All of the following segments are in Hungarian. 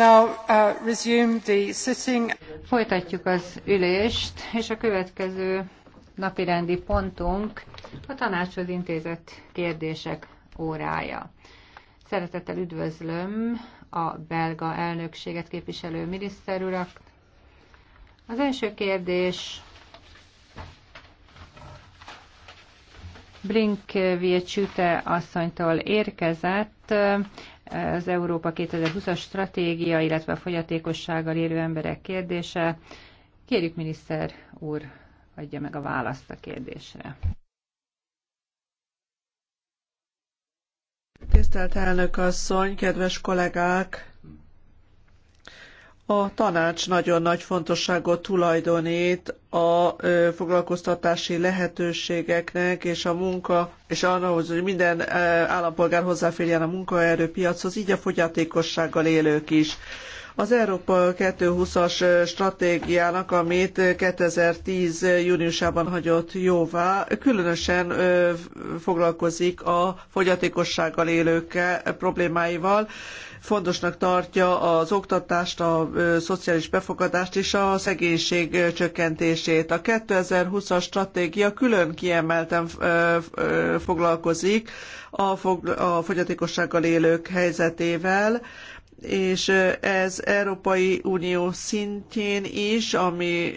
Uh, Folytatjuk az ülést, és a következő napirendi pontunk a tanácshoz intézett kérdések órája. Szeretettel üdvözlöm a belga elnökséget képviselő miniszter Az első kérdés Blink Viecsüte asszonytól érkezett az Európa 2020-as stratégia, illetve a fogyatékossággal élő emberek kérdése. Kérjük, miniszter úr, adja meg a választ a kérdésre. Tisztelt elnök asszony, kedves kollégák! A tanács nagyon nagy fontosságot tulajdonít a foglalkoztatási lehetőségeknek és a munka, és ahhoz, hogy minden állampolgár hozzáférjen a munkaerőpiachoz, így a fogyatékossággal élők is. Az Európa 2020-as stratégiának, amit 2010. júniusában hagyott jóvá, különösen foglalkozik a fogyatékossággal élők problémáival, fontosnak tartja az oktatást, a szociális befogadást és a szegénység csökkentését. A 2020-as stratégia külön kiemelten foglalkozik a fogyatékossággal élők helyzetével, és ez Európai Unió szintjén is, ami,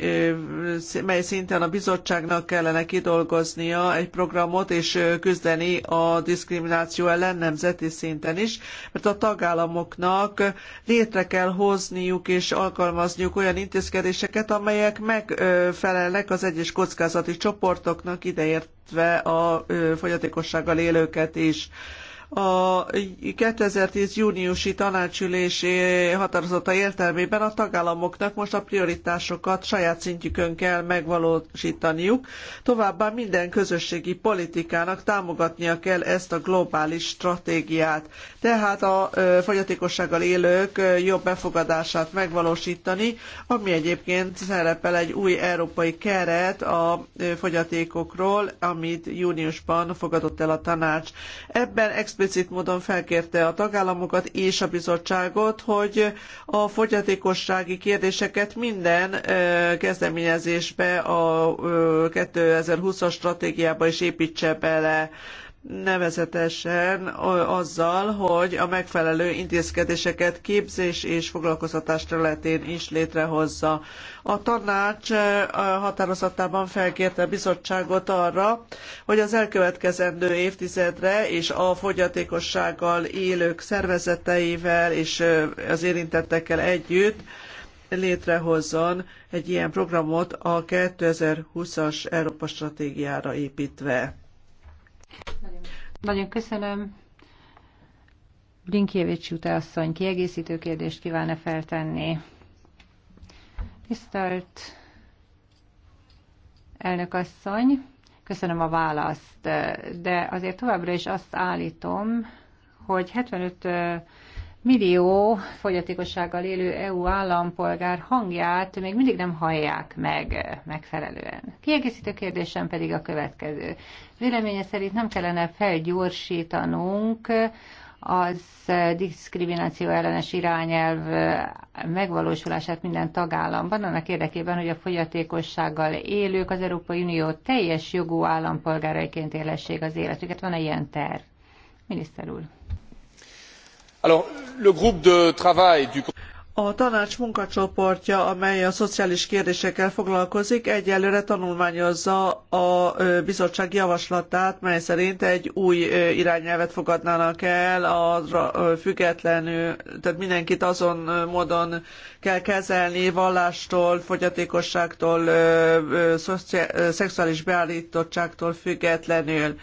mely szinten a bizottságnak kellene kidolgoznia egy programot és küzdeni a diszkrimináció ellen nemzeti szinten is, mert a tagállamoknak létre kell hozniuk és alkalmazniuk olyan intézkedéseket, amelyek megfelelnek az egyes kockázati csoportoknak, ideértve a fogyatékossággal élőket is. A 2010. júniusi tanácsülési határozata értelmében a tagállamoknak most a prioritásokat saját szintjükön kell megvalósítaniuk, továbbá minden közösségi politikának támogatnia kell ezt a globális stratégiát. Tehát a fogyatékossággal élők jobb befogadását megvalósítani, ami egyébként szerepel egy új európai keret a fogyatékokról, amit júniusban fogadott el a tanács. Ebben explicit explicit módon felkérte a tagállamokat és a bizottságot, hogy a fogyatékossági kérdéseket minden kezdeményezésbe a 2020-as stratégiába is építse bele nevezetesen azzal, hogy a megfelelő intézkedéseket képzés és foglalkoztatás területén is létrehozza. A tanács eh, határozatában felkérte a bizottságot arra, hogy az elkövetkezendő évtizedre és a fogyatékossággal élők szervezeteivel és eh, az érintettekkel együtt létrehozzon egy ilyen programot a 2020-as Európa stratégiára építve. Nagyon köszönöm. Blinkjevics Jute asszony kiegészítő kérdést kívánna feltenni. Tisztelt elnök asszony, köszönöm a választ, de azért továbbra is azt állítom, hogy 75 millió fogyatékossággal élő EU állampolgár hangját még mindig nem hallják meg megfelelően. Kiegészítő kérdésem pedig a következő. Véleménye szerint nem kellene felgyorsítanunk az diszkrimináció ellenes irányelv megvalósulását minden tagállamban, annak érdekében, hogy a fogyatékossággal élők az Európai Unió teljes jogú állampolgáraiként élhessék az életüket. Van-e ilyen terv? Miniszter úr a tanács munkacsoportja, amely a szociális kérdésekkel foglalkozik, egyelőre tanulmányozza a bizottság javaslatát, mely szerint egy új irányelvet fogadnának el, arra függetlenül, tehát mindenkit azon módon kell kezelni, vallástól, fogyatékosságtól, szexuális beálltottságtól függetlenül.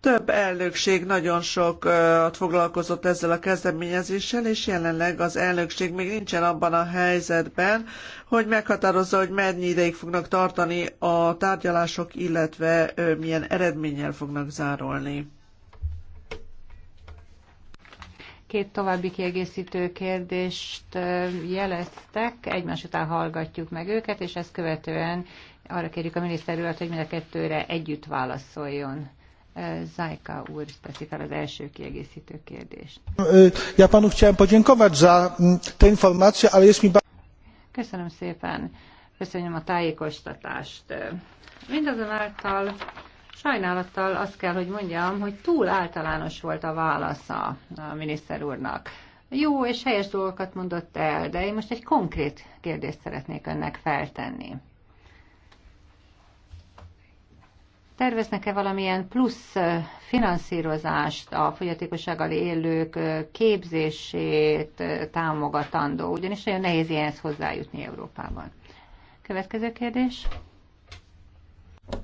Több elnökség nagyon sokat foglalkozott ezzel a kezdeményezéssel, és jelenleg az elnökség még nincsen abban a helyzetben, hogy meghatározza, hogy mennyi ideig fognak tartani a tárgyalások, illetve milyen eredménnyel fognak zárolni. Két további kiegészítő kérdést jeleztek, egymás után hallgatjuk meg őket, és ezt követően arra kérjük a miniszter urat, hogy mind a kettőre együtt válaszoljon. Zajka úr teszi fel az első kiegészítő kérdést. E, ja panu chciałem podziękować za mm, te informacje, ale jest mi... Köszönöm szépen. Köszönöm a tájékoztatást. Mindazonáltal sajnálattal azt kell, hogy mondjam, hogy túl általános volt a válasza a miniszter úrnak. Jó és helyes dolgokat mondott el, de én most egy konkrét kérdést szeretnék önnek feltenni. Terveznek-e valamilyen plusz finanszírozást a fogyatékossággal élők képzését támogatandó? Ugyanis nagyon nehéz ilyenhez hozzájutni Európában. Következő kérdés.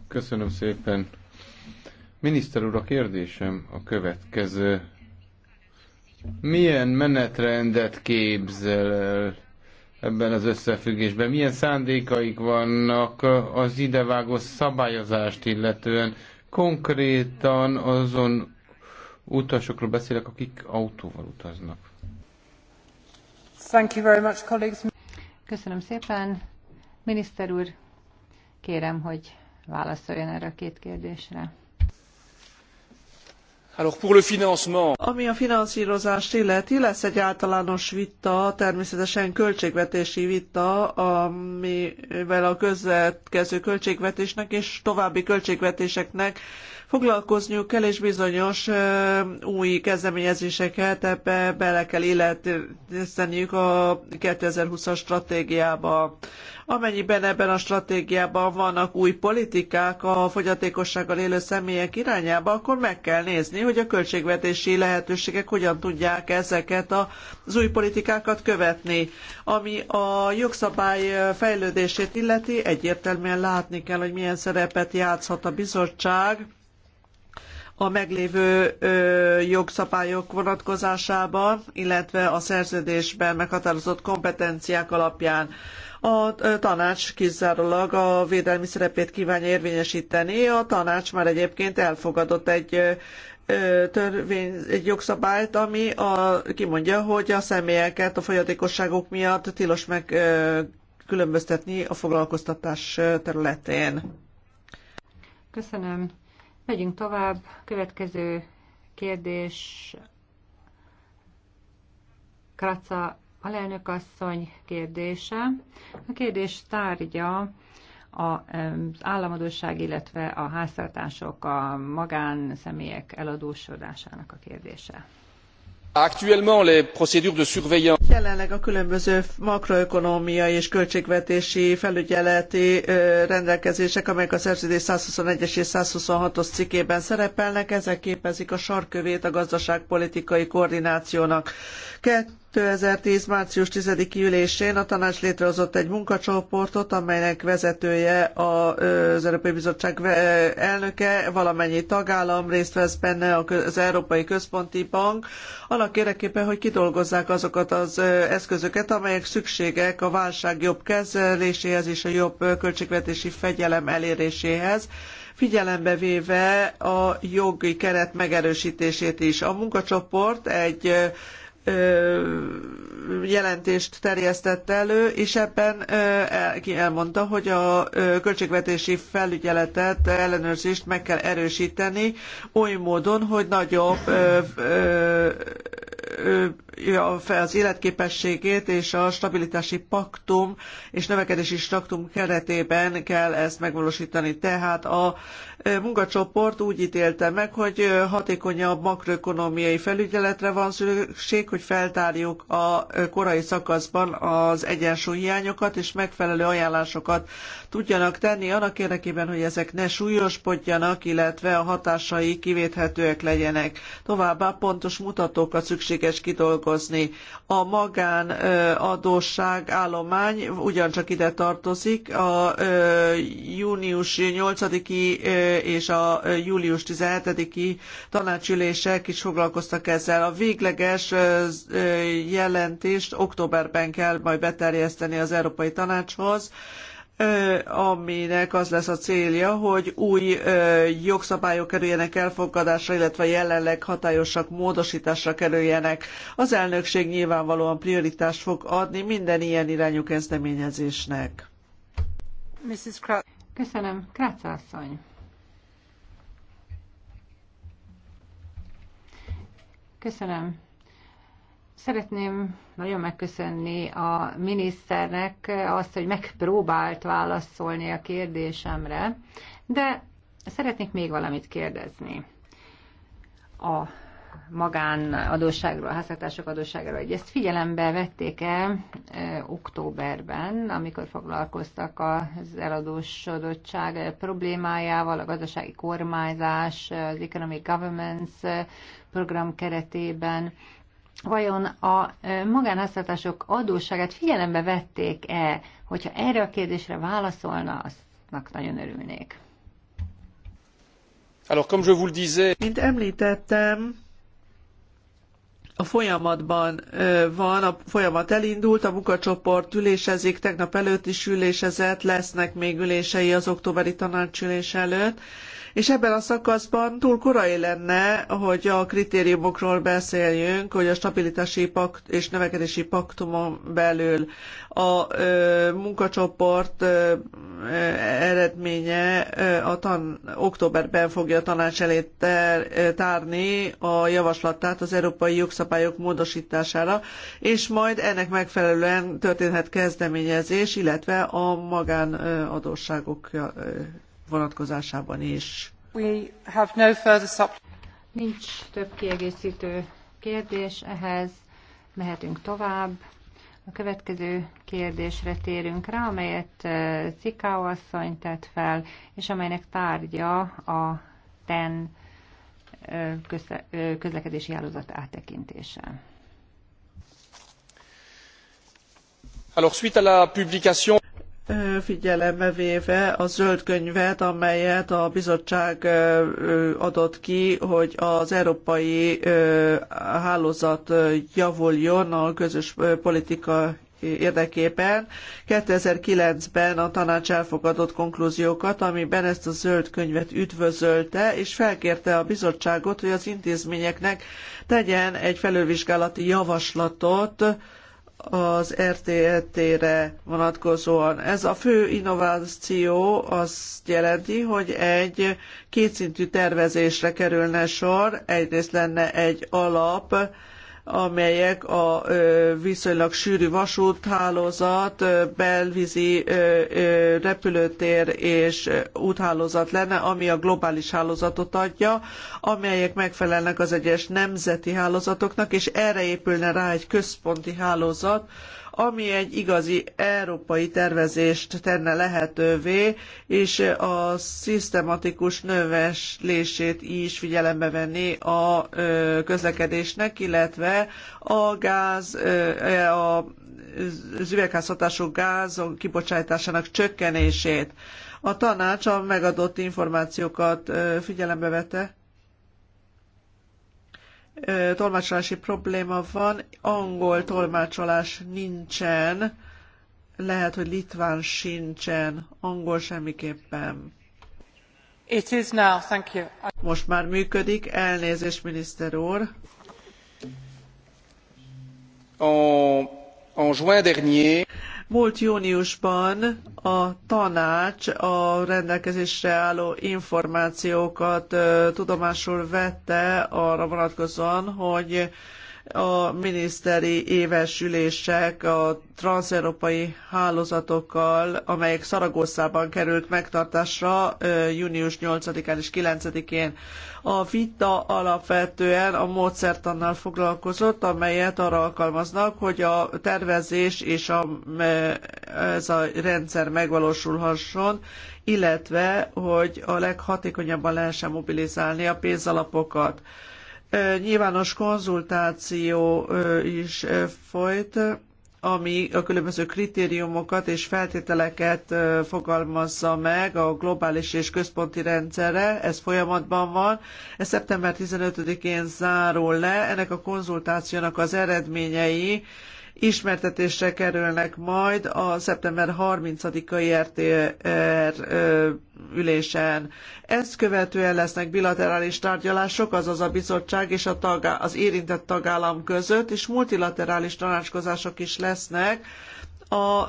Köszönöm szépen. Miniszter úr, a kérdésem a következő. Milyen menetrendet képzel el ebben az összefüggésben? Milyen szándékaik vannak az idevágó szabályozást illetően? Konkrétan azon utasokról beszélek, akik autóval utaznak. Thank you very much, colleagues. Köszönöm szépen. Miniszter úr, kérem, hogy válaszoljon erre a két kérdésre. Ami a finanszírozást illeti, lesz egy általános vita, természetesen költségvetési vita, amivel a következő költségvetésnek és további költségvetéseknek foglalkozniuk kell, és bizonyos új kezdeményezéseket ebbe bele kell illeszteniük a 2020-as stratégiába. Amennyiben ebben a stratégiában vannak új politikák a fogyatékossággal élő személyek irányába, akkor meg kell nézni, hogy a költségvetési lehetőségek hogyan tudják ezeket az új politikákat követni. Ami a jogszabály fejlődését illeti, egyértelműen látni kell, hogy milyen szerepet játszhat a bizottság a meglévő jogszabályok vonatkozásában, illetve a szerződésben meghatározott kompetenciák alapján. A tanács kizárólag a védelmi szerepét kívánja érvényesíteni. A tanács már egyébként elfogadott egy törvény, egy jogszabályt, ami a, kimondja, hogy a személyeket a fogyatékosságok miatt tilos meg különböztetni a foglalkoztatás területén. Köszönöm. Megyünk tovább. Következő kérdés. Kraca alelnök asszony kérdése. A kérdés tárgya az államadóság, illetve a háztartások, a magánszemélyek eladósodásának a kérdése. Actuellement, les procédures de surveillance. Jelenleg a különböző makroökonómiai és költségvetési felügyeleti rendelkezések, amelyek a szerződés 121-es és 126-os cikkében szerepelnek, ezek képezik a sarkövét a gazdaságpolitikai koordinációnak. Kettő 2010. március 10. ülésén a tanács létrehozott egy munkacsoportot, amelynek vezetője az Európai Bizottság elnöke, valamennyi tagállam részt vesz benne az Európai Központi Bank, annak érdekében, hogy kidolgozzák azokat az eszközöket, amelyek szükségesek a válság jobb kezeléséhez és a jobb költségvetési fegyelem eléréséhez figyelembe véve a jogi keret megerősítését is. A munkacsoport egy jelentést terjesztett elő, és ebben ki elmondta, hogy a költségvetési felügyeletet, ellenőrzést meg kell erősíteni oly módon, hogy nagyobb az életképességét és a stabilitási paktum és növekedési paktum keretében kell ezt megvalósítani. Tehát a munkacsoport úgy ítélte meg, hogy hatékonyabb makroökonomiai felügyeletre van szükség, hogy feltárjuk a korai szakaszban az egyensúlyhiányokat, és megfelelő ajánlásokat tudjanak tenni annak érdekében, hogy ezek ne súlyosbodjanak, illetve a hatásai kivéthetőek legyenek. Továbbá pontos mutatókat szükséges kidolgozni. A magánadósság állomány ugyancsak ide tartozik, a június 8-i és a július 17-i tanácsülések is foglalkoztak ezzel. A végleges jelentést októberben kell majd beterjeszteni az Európai Tanácshoz, aminek az lesz a célja, hogy új jogszabályok kerüljenek elfogadásra, illetve jelenleg hatályosak módosításra kerüljenek. Az elnökség nyilvánvalóan prioritást fog adni minden ilyen irányú kezdeményezésnek. Mrs. Kra- Köszönöm, asszony. Köszönöm. Szeretném nagyon megköszönni a miniszternek azt, hogy megpróbált válaszolni a kérdésemre, de szeretnék még valamit kérdezni. A magánadósságról, háztartások adósságról, hogy ezt figyelembe vették-e e, októberben, amikor foglalkoztak az eladósodottság problémájával, a gazdasági kormányzás, az Economic Governance program keretében. Vajon a e, magánháztartások adósságát figyelembe vették-e, hogyha erre a kérdésre válaszolna, aztnak nagyon örülnék. Alors, comme je vous le disais... Mint említettem, a folyamatban van, a folyamat elindult, a munkacsoport ülésezik, tegnap előtt is ülésezett, lesznek még ülései az októberi tanácsülés előtt, és ebben a szakaszban túl korai lenne, hogy a kritériumokról beszéljünk, hogy a stabilitási pakt és növekedési paktumon belül a ö, munkacsoport ö, eredménye ö, a tan októberben fogja a tanács elé ter, tárni a javaslatát az európai jogszabályok módosítására, és majd ennek megfelelően történhet kezdeményezés, illetve a magánadósságok vonatkozásában is. We have no further Nincs több kiegészítő kérdés ehhez, mehetünk tovább. A következő kérdésre térünk rá, amelyet eh, Cikáó asszony tett fel, és amelynek tárgya a TEN eh, eh, közlekedési hálózat áttekintése. Alors, suite à la publication figyelembe véve a zöld könyvet, amelyet a bizottság adott ki, hogy az európai hálózat javuljon a közös politika érdekében. 2009-ben a tanács elfogadott konklúziókat, amiben ezt a zöld könyvet üdvözölte, és felkérte a bizottságot, hogy az intézményeknek tegyen egy felülvizsgálati javaslatot, az RTT-re vonatkozóan. Ez a fő innováció azt jelenti, hogy egy kétszintű tervezésre kerülne sor. Egyrészt lenne egy alap, amelyek a viszonylag sűrű vasúthálózat, belvízi repülőtér és úthálózat lenne, ami a globális hálózatot adja, amelyek megfelelnek az egyes nemzeti hálózatoknak, és erre épülne rá egy központi hálózat, ami egy igazi európai tervezést tenne lehetővé, és a szisztematikus növeslését is figyelembe venni a közlekedésnek, illetve a gáz, a az üvegházhatású gázok kibocsátásának csökkenését. A tanács a megadott információkat figyelembe vette tolmácsolási probléma van, angol tolmácsolás nincsen, lehet, hogy litván sincsen, angol semmiképpen. It is now, thank you. Most már működik, elnézést, miniszter úr. En, en juin dernier, Múlt júniusban a tanács a rendelkezésre álló információkat tudomásul vette arra vonatkozóan, hogy a miniszteri éves ülések a transzeurópai hálózatokkal, amelyek Szaragosszában került megtartásra június 8-án és 9-én. A vita alapvetően a módszertannal foglalkozott, amelyet arra alkalmaznak, hogy a tervezés és a, ez a rendszer megvalósulhasson, illetve, hogy a leghatékonyabban lehessen mobilizálni a pénzalapokat. Nyilvános konzultáció is folyt, ami a különböző kritériumokat és feltételeket fogalmazza meg a globális és központi rendszerre. Ez folyamatban van. Ez szeptember 15-én zárul le. Ennek a konzultációnak az eredményei ismertetésre kerülnek majd a szeptember 30-ai RTR ülésen. Ezt követően lesznek bilaterális tárgyalások, azaz a bizottság és a tagá- az érintett tagállam között, és multilaterális tanácskozások is lesznek a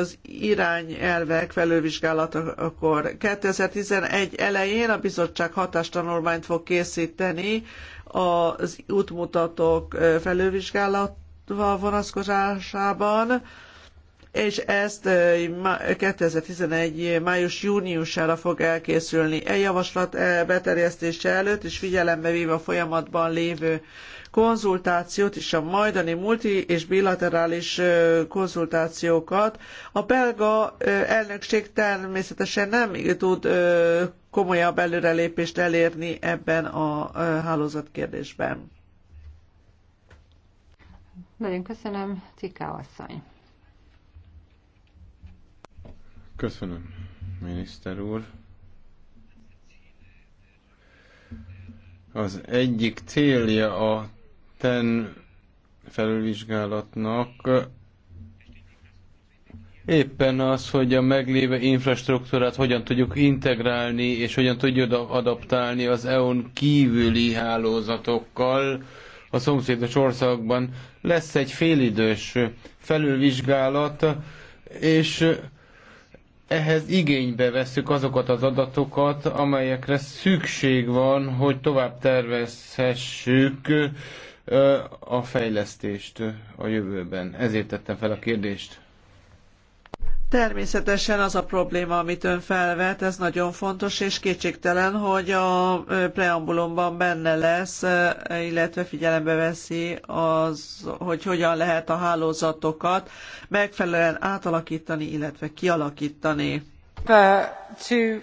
az irányelvek felővizsgálatakor. 2011 elején a bizottság hatástanulmányt fog készíteni az útmutatók felővizsgálat vonatkozásában, és ezt 2011. május-júniusára fog elkészülni. E javaslat e beterjesztése előtt és figyelembe véve a folyamatban lévő konzultációt és a majdani multi és bilaterális konzultációkat. A belga elnökség természetesen nem tud komolyabb előrelépést elérni ebben a hálózatkérdésben. Nagyon köszönöm, Ciká asszony. Köszönöm, miniszter úr. Az egyik célja a TEN felülvizsgálatnak éppen az, hogy a meglévő infrastruktúrát hogyan tudjuk integrálni, és hogyan tudjuk adaptálni az eon kívüli hálózatokkal, a szomszédos országban. Lesz egy félidős felülvizsgálat, és ehhez igénybe veszük azokat az adatokat, amelyekre szükség van, hogy tovább tervezhessük a fejlesztést a jövőben. Ezért tettem fel a kérdést. Természetesen az a probléma, amit ön felvet, ez nagyon fontos, és kétségtelen, hogy a preambulumban benne lesz, illetve figyelembe veszi az, hogy hogyan lehet a hálózatokat megfelelően átalakítani, illetve kialakítani. Uh,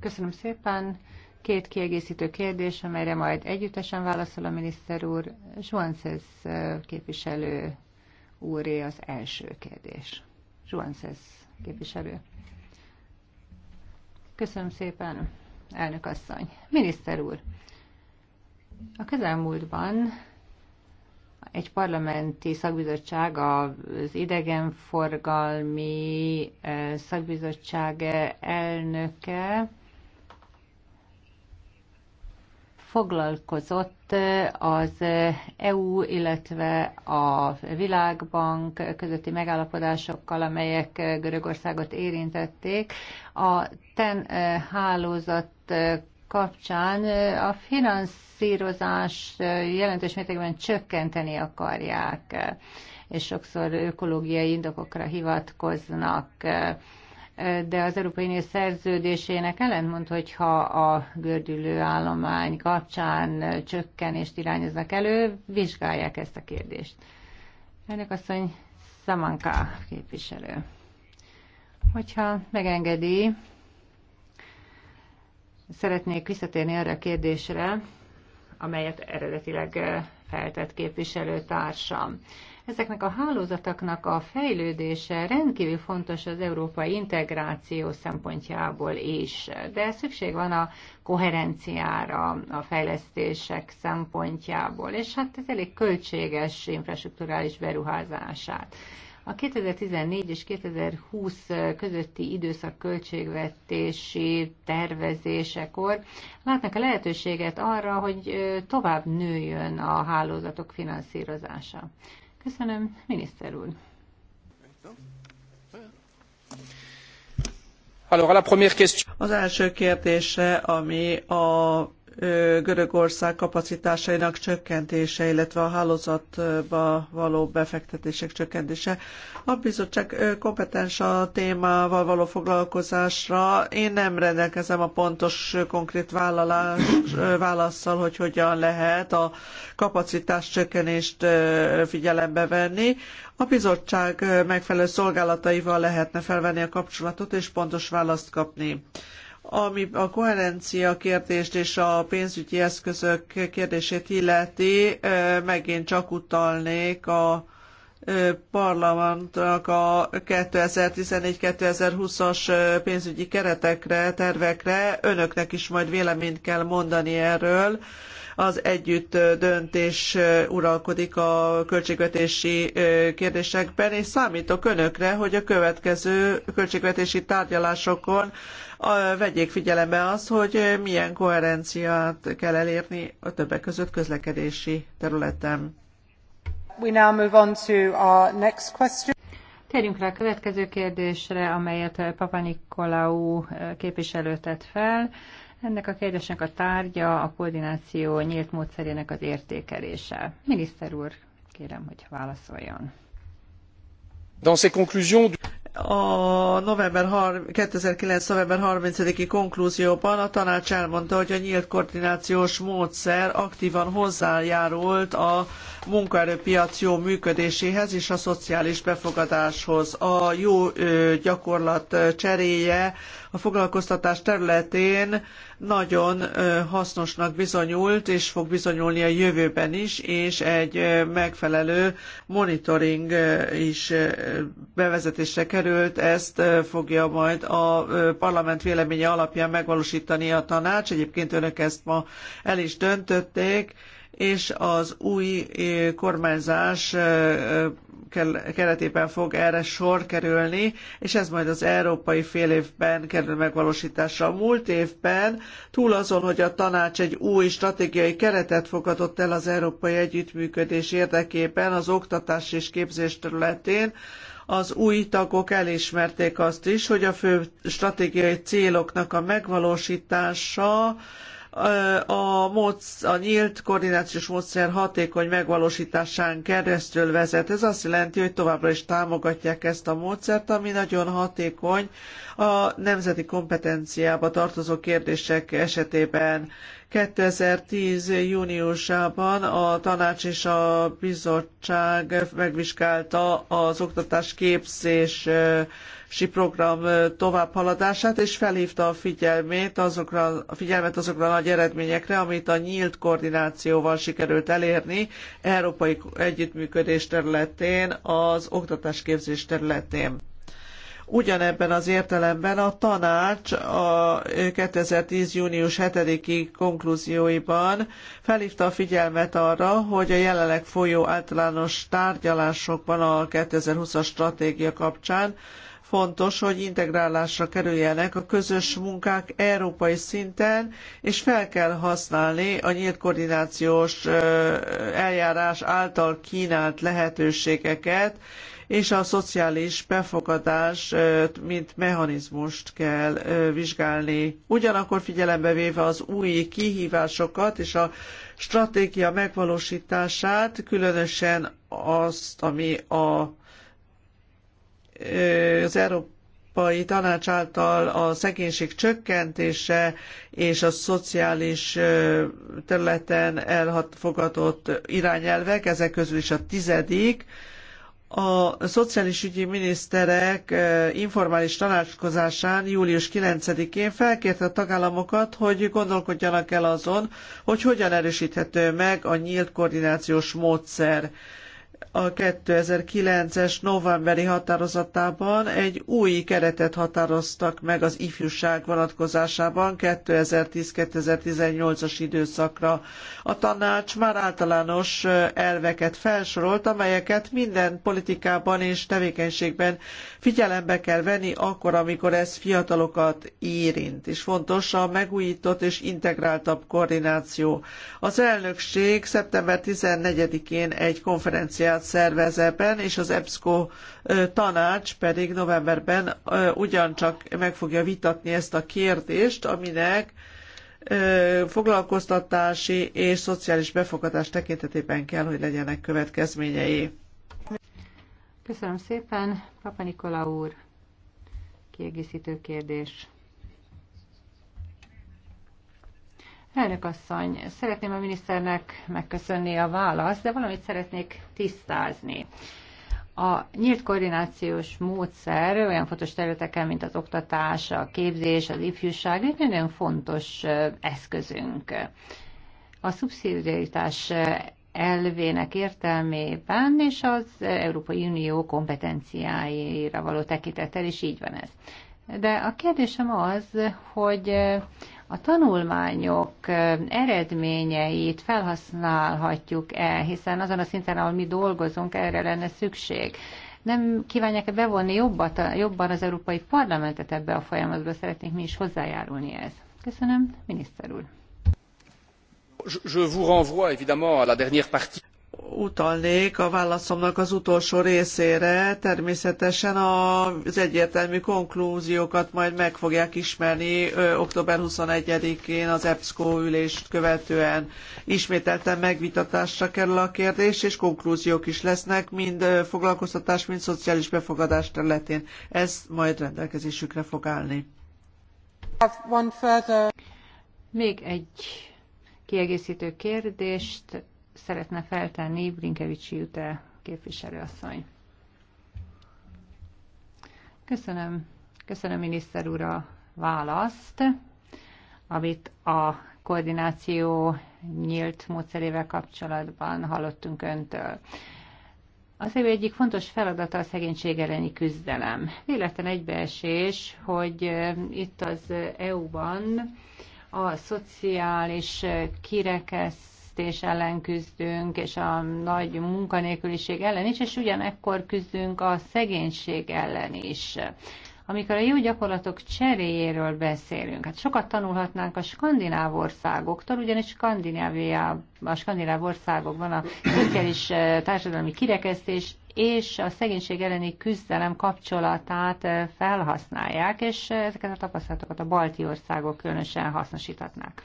Köszönöm szépen. Két kiegészítő kérdés, amelyre majd együttesen válaszol a miniszter úr. Zsuancesz képviselő úré az első kérdés. Zsuanszesz képviselő. Köszönöm szépen, elnök asszony. Miniszter úr, a közelmúltban egy parlamenti szakbizottság, az idegenforgalmi eh, szakbizottság eh, elnöke foglalkozott eh, az eh, EU, illetve a Világbank közötti megállapodásokkal, amelyek eh, Görögországot érintették. A TEN hálózat kapcsán a finanszírozás jelentős mértékben csökkenteni akarják, és sokszor ökológiai indokokra hivatkoznak de az Európai Unió szerződésének ellentmond, hogyha a gördülő állomány kapcsán csökkenést irányoznak elő, vizsgálják ezt a kérdést. Elnök asszony, Szamanka képviselő. Hogyha megengedi, szeretnék visszatérni arra a kérdésre, amelyet eredetileg eh, feltett képviselőtársam. Ezeknek a hálózataknak a fejlődése rendkívül fontos az európai integráció szempontjából is, de szükség van a koherenciára a fejlesztések szempontjából, és hát ez elég költséges infrastruktúrális beruházását. A 2014 és 2020 közötti időszak költségvetési tervezésekor látnak a lehetőséget arra, hogy tovább nőjön a hálózatok finanszírozása. Köszönöm, miniszter úr. Az első kérdése, ami a Görögország kapacitásainak csökkentése, illetve a hálózatba való befektetések csökkentése. A bizottság kompetens a témával való foglalkozásra. Én nem rendelkezem a pontos, konkrét vállalás, válaszsal, hogy hogyan lehet a kapacitás csökkenést figyelembe venni. A bizottság megfelelő szolgálataival lehetne felvenni a kapcsolatot és pontos választ kapni ami a koherencia kérdést és a pénzügyi eszközök kérdését illeti, megint csak utalnék a parlamentnak a 2014-2020-as pénzügyi keretekre, tervekre. Önöknek is majd véleményt kell mondani erről. Az együtt döntés uralkodik a költségvetési kérdésekben, és számítok önökre, hogy a következő költségvetési tárgyalásokon vegyék figyelembe azt, hogy milyen koherenciát kell elérni a többek között közlekedési területen. We now move on to our next question. Térjünk rá a következő kérdésre, amelyet Papa Nikolaou eh, képviselő tett fel. Ennek a kérdésnek a tárgya a koordináció nyílt módszerének az értékelése. Miniszter úr, kérem, hogy válaszoljon. Dans ses conclusions a november 2009. november 30-i konklúzióban a tanács elmondta, hogy a nyílt koordinációs módszer aktívan hozzájárult a munkaerőpiac jó működéséhez és a szociális befogadáshoz. A jó gyakorlat cseréje a foglalkoztatás területén nagyon hasznosnak bizonyult, és fog bizonyulni a jövőben is, és egy megfelelő monitoring is bevezetésre kerül sikerült, ezt fogja majd a parlament véleménye alapján megvalósítani a tanács. Egyébként önök ezt ma el is döntötték, és az új kormányzás keretében fog erre sor kerülni, és ez majd az európai fél évben kerül megvalósításra. A múlt évben túl azon, hogy a tanács egy új stratégiai keretet fogadott el az európai együttműködés érdekében az oktatás és képzés területén, az új tagok elismerték azt is, hogy a fő stratégiai céloknak a megvalósítása a, módsz, a nyílt koordinációs módszer hatékony megvalósításán keresztül vezet. Ez azt jelenti, hogy továbbra is támogatják ezt a módszert, ami nagyon hatékony a nemzeti kompetenciába tartozó kérdések esetében. 2010. júniusában a tanács és a bizottság megvizsgálta az oktatás képzési program továbbhaladását, és felhívta a figyelmét azokra, a figyelmet azokra a nagy eredményekre, amit a nyílt koordinációval sikerült elérni európai együttműködés területén, az oktatás képzés területén. Ugyanebben az értelemben a tanács a 2010. június 7-i konklúzióiban felhívta a figyelmet arra, hogy a jelenleg folyó általános tárgyalásokban a 2020-as stratégia kapcsán fontos, hogy integrálásra kerüljenek a közös munkák európai szinten, és fel kell használni a nyílt koordinációs eljárás által kínált lehetőségeket, és a szociális befogadás mint mechanizmust kell vizsgálni. Ugyanakkor figyelembe véve az új kihívásokat és a stratégia megvalósítását, különösen azt, ami a, az Európa Európai Tanács által a szegénység csökkentése és a szociális területen elfogadott irányelvek, ezek közül is a tizedik, a szociális ügyi miniszterek e, informális tanácskozásán július 9-én felkérte a tagállamokat, hogy gondolkodjanak el azon, hogy hogyan erősíthető meg a nyílt koordinációs módszer a 2009-es novemberi határozatában egy új keretet határoztak meg az ifjúság vonatkozásában 2010-2018-as időszakra. A tanács már általános elveket felsorolt, amelyeket minden politikában és tevékenységben figyelembe kell venni akkor, amikor ez fiatalokat érint, és fontos a megújított és integráltabb koordináció. Az elnökség szeptember 14-én egy konferenciát szervez ebben, és az EBSCO tanács pedig novemberben ugyancsak meg fogja vitatni ezt a kérdést, aminek foglalkoztatási és szociális befogadás tekintetében kell, hogy legyenek következményei. Köszönöm szépen. Papa Nikola úr, kiegészítő kérdés. Elnök asszony, szeretném a miniszternek megköszönni a választ, de valamit szeretnék tisztázni. A nyílt koordinációs módszer olyan fontos területeken, mint az oktatás, a képzés, az ifjúság, egy nagyon fontos eszközünk. A szubszidiaritás elvének értelmében, és az Európai Unió kompetenciáira való tekintettel is így van ez. De a kérdésem az, hogy a tanulmányok eredményeit felhasználhatjuk-e, hiszen azon a szinten, ahol mi dolgozunk, erre lenne szükség. Nem kívánják-e bevonni jobbat, jobban az Európai Parlamentet ebbe a folyamatba? Szeretnénk mi is hozzájárulni ehhez. Köszönöm, miniszter úr je vous renvoie évidemment à la dernière partie utalnék a válaszomnak az utolsó részére. Természetesen az egyértelmű konklúziókat majd meg fogják ismerni ö, október 21-én az EPSCO ülést követően. Ismételten megvitatásra kerül a kérdés, és konklúziók is lesznek, mind foglalkoztatás, mind szociális befogadás területén. Ez majd rendelkezésükre fog állni. Még egy kiegészítő kérdést szeretne feltenni Brinkevics Jute képviselőasszony. Köszönöm. Köszönöm miniszter úr a választ, amit a koordináció nyílt módszerével kapcsolatban hallottunk öntől. Az egyik fontos feladata a szegénység elleni küzdelem. Véletlen egybeesés, hogy eh, itt az EU-ban a szociális kirekesztés ellen küzdünk, és a nagy munkanélküliség ellen is, és ugyanekkor küzdünk a szegénység ellen is. Amikor a jó gyakorlatok cseréjéről beszélünk, hát sokat tanulhatnánk a skandináv országoktól, ugyanis Skandinávia, a skandináv országokban a szociális eh, társadalmi kirekesztés és a szegénység elleni küzdelem kapcsolatát felhasználják, és ezeket a tapasztalatokat a balti országok különösen hasznosíthatnák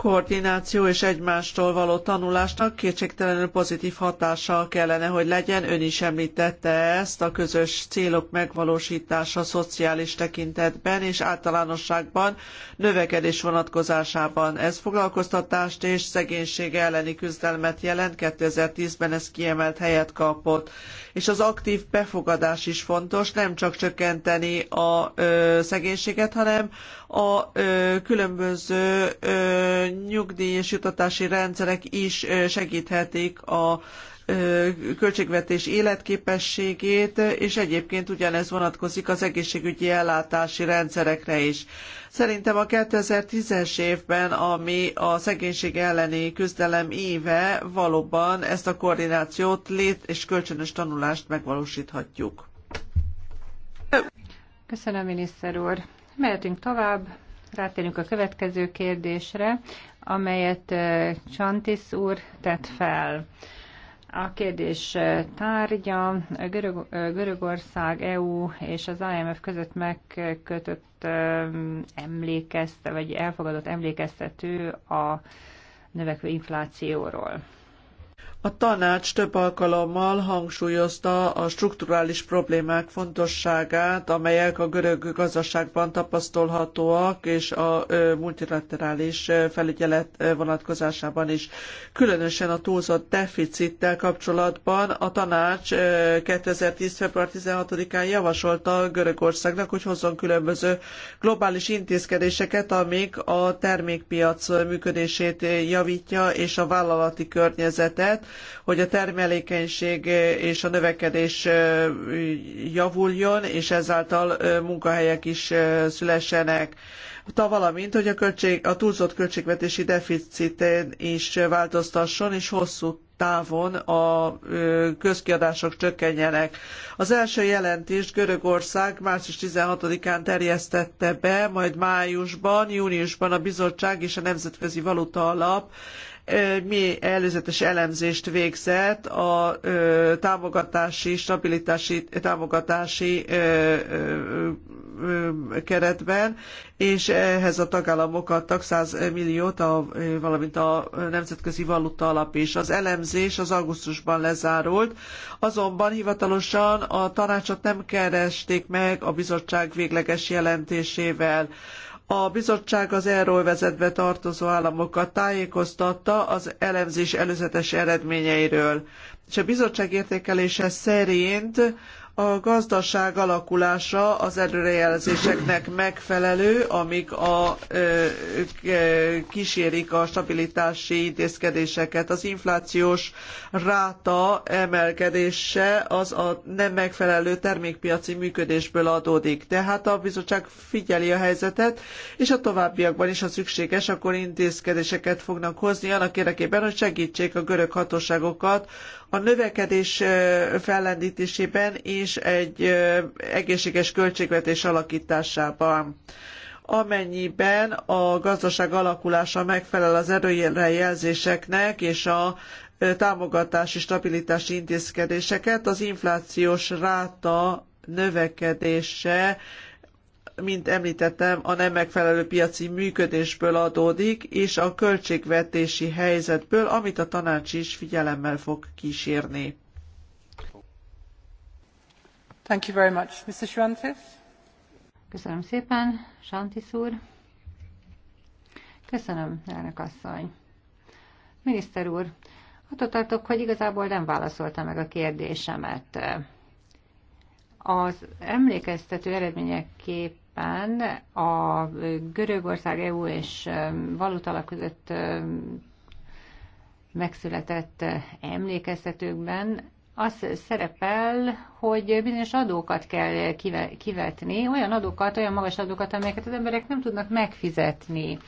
koordináció és egymástól való tanulásnak kétségtelenül pozitív hatása kellene, hogy legyen. Ön is említette ezt a közös célok megvalósítása szociális tekintetben és általánosságban növekedés vonatkozásában. Ez foglalkoztatást és szegénység elleni küzdelmet jelent, 2010-ben ez kiemelt helyet kapott. És az aktív befogadás is fontos, nem csak csökkenteni a ö, szegénységet, hanem a különböző nyugdíj és jutatási rendszerek is segíthetik a költségvetés életképességét, és egyébként ugyanez vonatkozik az egészségügyi ellátási rendszerekre is. Szerintem a 2010-es évben, ami a szegénység elleni küzdelem éve, valóban ezt a koordinációt, lét és kölcsönös tanulást megvalósíthatjuk. Köszönöm, miniszter úr. Mehetünk tovább, rátérünk a következő kérdésre, amelyet Csantis úr tett fel. A kérdés tárgya Görög, Görögország, EU és az IMF között megkötött emlékezte, vagy elfogadott emlékeztető a növekvő inflációról. A tanács több alkalommal hangsúlyozta a strukturális problémák fontosságát, amelyek a görög gazdaságban tapasztalhatóak, és a multilaterális felügyelet vonatkozásában is. Különösen a túlzott deficittel kapcsolatban a tanács 2010. február 16-án javasolta Görögországnak, hogy hozzon különböző globális intézkedéseket, amik a termékpiac működését javítja, és a vállalati környezetet, hogy a termelékenység és a növekedés javuljon, és ezáltal munkahelyek is szülessenek. Ta valamint, hogy a, költség, a túlzott költségvetési deficit is változtasson, és hosszú távon a közkiadások csökkenjenek. Az első jelentést Görögország március 16-án terjesztette be, majd májusban, júniusban a bizottság és a Nemzetközi Valuta Alap mi előzetes elemzést végzett a támogatási, stabilitási támogatási keretben, és ehhez a tagállamok adtak 100 milliót, a, valamint a Nemzetközi Valuta Alap is. Az elemzés elemzés az augusztusban lezárult, azonban hivatalosan a tanácsot nem keresték meg a bizottság végleges jelentésével. A bizottság az vezetve tartozó államokat tájékoztatta az elemzés előzetes eredményeiről, és a bizottság értékelése szerint a gazdaság alakulása az előrejelzéseknek megfelelő, amik a, ö, kísérik a stabilitási intézkedéseket. Az inflációs ráta emelkedése az a nem megfelelő termékpiaci működésből adódik. Tehát a bizottság figyeli a helyzetet, és a továbbiakban is, ha szükséges, akkor intézkedéseket fognak hozni annak érdekében, hogy segítsék a görög hatóságokat a növekedés fellendítésében és egy egészséges költségvetés alakításában amennyiben a gazdaság alakulása megfelel az előrejelzéseknek és a támogatási stabilitási intézkedéseket, az inflációs ráta növekedése mint említettem, a nem megfelelő piaci működésből adódik, és a költségvetési helyzetből, amit a tanács is figyelemmel fog kísérni. Thank you very much. Mr. Schwantis? Köszönöm szépen, Santis úr. Köszönöm, elnök asszony. Miniszter úr, attól tartok, hogy igazából nem válaszolta meg a kérdésemet. Az emlékeztető eredményeképp mindenképpen a Görögország, EU és valutalak között megszületett emlékeztetőkben az szerepel, hogy bizonyos adókat kell kivetni, olyan adókat, olyan magas adókat, amelyeket az emberek nem tudnak megfizetni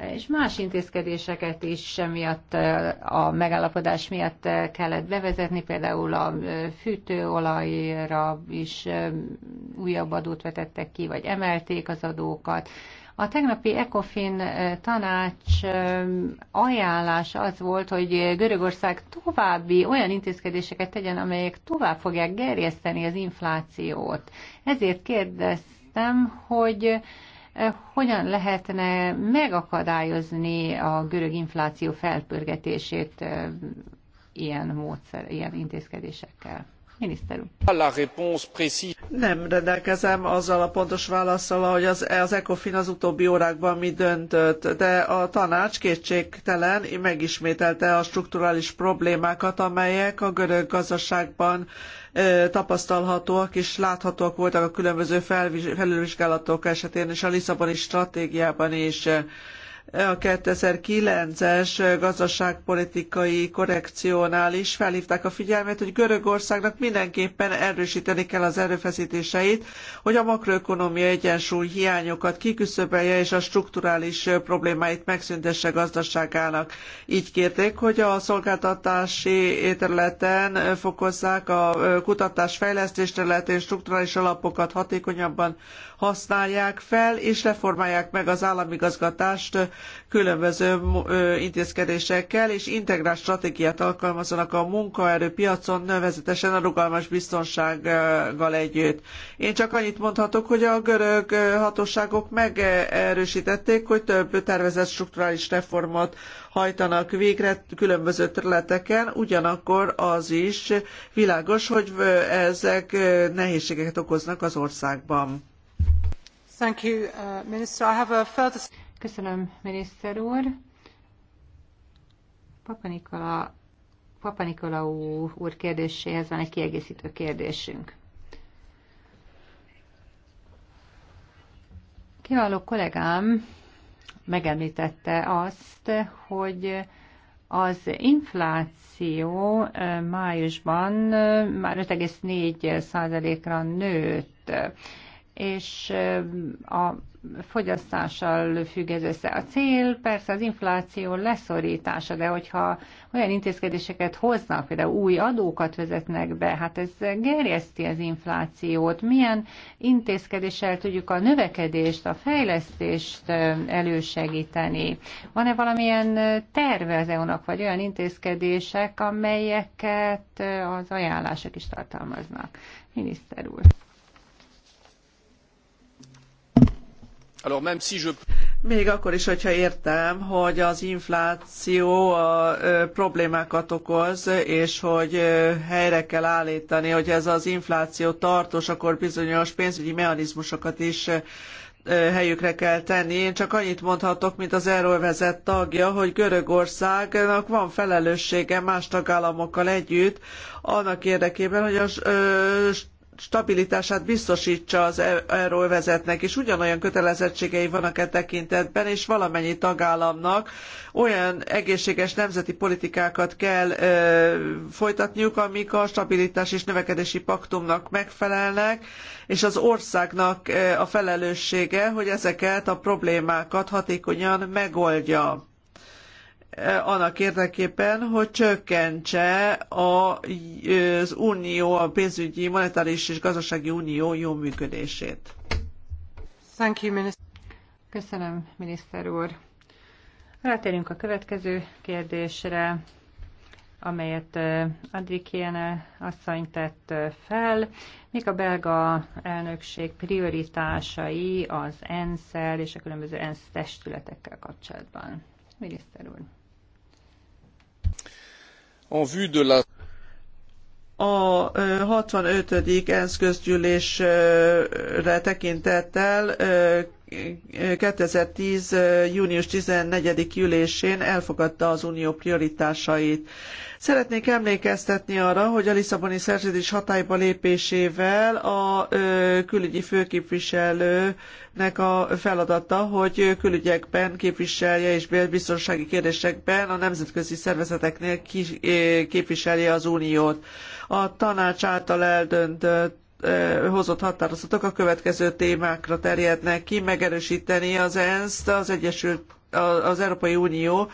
és más intézkedéseket is semmiatt a megállapodás miatt kellett bevezetni, például a fűtőolajra is újabb adót vetettek ki, vagy emelték az adókat. A tegnapi ECOFIN tanács ajánlás az volt, hogy Görögország további olyan intézkedéseket tegyen, amelyek tovább fogják gerjeszteni az inflációt. Ezért kérdeztem, hogy Eh, hogyan lehetne megakadályozni a görög infláció felpörgetését eh, ilyen módszer, ilyen intézkedésekkel? Miniszter úr. Nem rendelkezem azzal a pontos válaszsal, ahogy az, ECOFIN az utóbbi órákban mit döntött, de a tanács kétségtelen megismételte a strukturális problémákat, amelyek a görög gazdaságban tapasztalhatóak és láthatóak voltak a különböző felülvizsgálatok esetén és a Lisszaboni stratégiában is. És a 2009-es gazdaságpolitikai korrekciónál is felhívták a figyelmet, hogy Görögországnak mindenképpen erősíteni kell az erőfeszítéseit, hogy a makroökonómiai egyensúly hiányokat kiküszöbölje és a strukturális problémáit megszüntesse gazdaságának. Így kérték, hogy a szolgáltatási területen fokozzák a kutatás fejlesztés területén strukturális alapokat hatékonyabban használják fel, és reformálják meg az államigazgatást különböző intézkedésekkel, és integrált stratégiát alkalmazzanak a munkaerőpiacon, nevezetesen a rugalmas biztonsággal együtt. Én csak annyit mondhatok, hogy a görög hatóságok megerősítették, hogy több tervezett strukturális reformot hajtanak végre különböző területeken, ugyanakkor az is világos, hogy ezek nehézségeket okoznak az országban. Thank you, uh, Minister. I have a further... Köszönöm, miniszter úr. Papa Nikola, Papa Nikolaú úr kérdéséhez van egy kiegészítő kérdésünk. Kiváló kollégám megemlítette azt, hogy az infláció májusban már 5,4 százalékra nőtt és a fogyasztással függ ez össze. A cél persze az infláció leszorítása, de hogyha olyan intézkedéseket hoznak, például új adókat vezetnek be, hát ez gerjeszti az inflációt. Milyen intézkedéssel tudjuk a növekedést, a fejlesztést elősegíteni? Van-e valamilyen terve az EU-nak, vagy olyan intézkedések, amelyeket az ajánlások is tartalmaznak? Miniszter úr. Még akkor is, hogyha értem, hogy az infláció a, problémákat okoz, és hogy helyre kell állítani, hogy ez az infláció tartós, akkor bizonyos pénzügyi mechanizmusokat is helyükre kell tenni. Én csak annyit mondhatok, mint az Euróvezet tagja, hogy Görögországnak van felelőssége más tagállamokkal együtt annak érdekében, hogy a stabilitását biztosítsa az e- euróvezetnek, és ugyanolyan kötelezettségei vannak e tekintetben, és valamennyi tagállamnak olyan egészséges nemzeti politikákat kell ö, folytatniuk, amik a stabilitás és növekedési paktumnak megfelelnek, és az országnak a felelőssége, hogy ezeket a problémákat hatékonyan megoldja annak érdekében, hogy csökkentse az unió, a pénzügyi, monetáris és gazdasági unió jó működését. Thank you, Köszönöm, miniszter úr. Rátérünk a következő kérdésre, amelyet Adrikiene asszony tett fel. Mik a belga elnökség prioritásai az ENSZ-el és a különböző ENSZ testületekkel kapcsolatban? Miniszter úr en vue de la a 65. ENSZ közgyűlésre tekintettel 2010. június 14. ülésén elfogadta az unió prioritásait. Szeretnék emlékeztetni arra, hogy a Lisszaboni szerződés hatályba lépésével a külügyi főképviselőnek a feladata, hogy külügyekben képviselje és biztonsági kérdésekben a nemzetközi szervezeteknél képviselje az Uniót. A tanács által eldöntött hozott határozatok a következő témákra terjednek ki, megerősíteni az ENSZ-t, az Egyesült az Európai Unió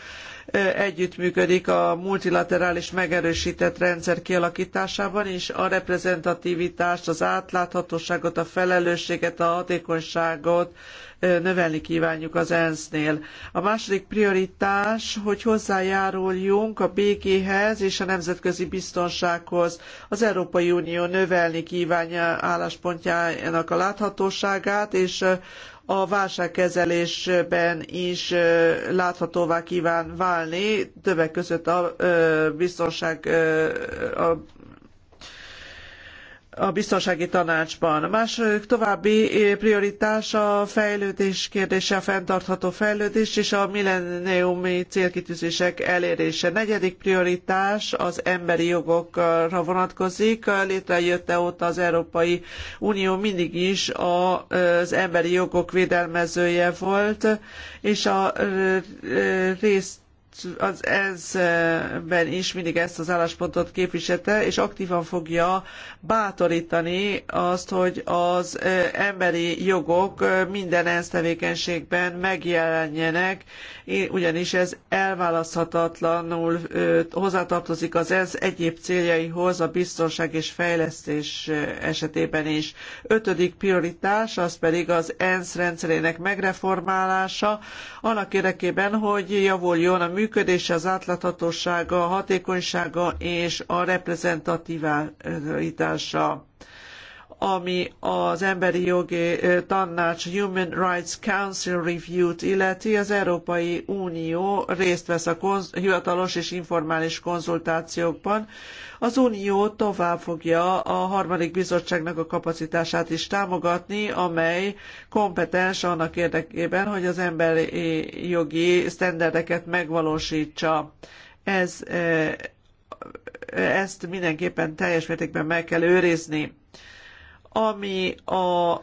együttműködik a multilaterális megerősített rendszer kialakításában, és a reprezentativitást, az átláthatóságot, a felelősséget, a hatékonyságot növelni kívánjuk az ENSZ-nél. A második prioritás, hogy hozzájáruljunk a békéhez és a nemzetközi biztonsághoz. Az Európai Unió növelni kívánja álláspontjának a láthatóságát, és a válságkezelésben is láthatóvá kíván válni, többek között a biztonság, a a biztonsági tanácsban. Más további prioritás a fejlődés kérdése, a fenntartható fejlődés és a milleniumi célkitűzések elérése. Negyedik prioritás az emberi jogokra vonatkozik. Létrejötte óta az Európai Unió mindig is az emberi jogok védelmezője volt, és a részt az ENSZ-ben is mindig ezt az álláspontot képviselte, és aktívan fogja bátorítani azt, hogy az emberi jogok minden ENSZ tevékenységben megjelenjenek, ugyanis ez elválaszthatatlanul hozzátartozik az ENSZ egyéb céljaihoz a biztonság és fejlesztés esetében is. Ötödik prioritás az pedig az ENSZ rendszerének megreformálása, annak érdekében, hogy javuljon a működése, az átláthatósága, a hatékonysága és a reprezentativitása ami az Emberi Jogi Tanács Human Rights Council Review-t illeti, az Európai Unió részt vesz a hivatalos és informális konzultációkban. Az Unió tovább fogja a harmadik bizottságnak a kapacitását is támogatni, amely kompetens annak érdekében, hogy az emberi jogi sztenderdeket megvalósítsa. Ez ezt mindenképpen teljes mértékben meg kell őrizni. Ami a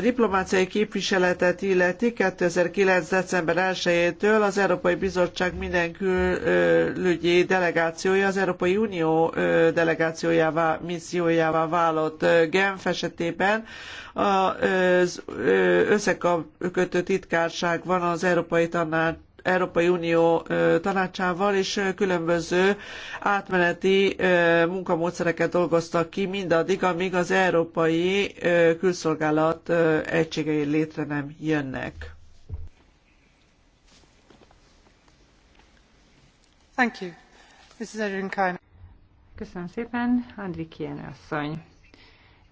diplomáciai képviseletet illeti 2009. december 1-től az Európai Bizottság minden külügyi delegációja az Európai Unió delegációjává, missziójává válott Genf esetében. Az összekötő titkárság van az Európai Tanács Európai Unió tanácsával, és különböző átmeneti munkamódszereket dolgoztak ki, mindaddig, amíg az Európai Külszolgálat egységei létre nem jönnek. Thank you. Mrs. Erdenkein. Köszönöm szépen, Andri Kien asszony.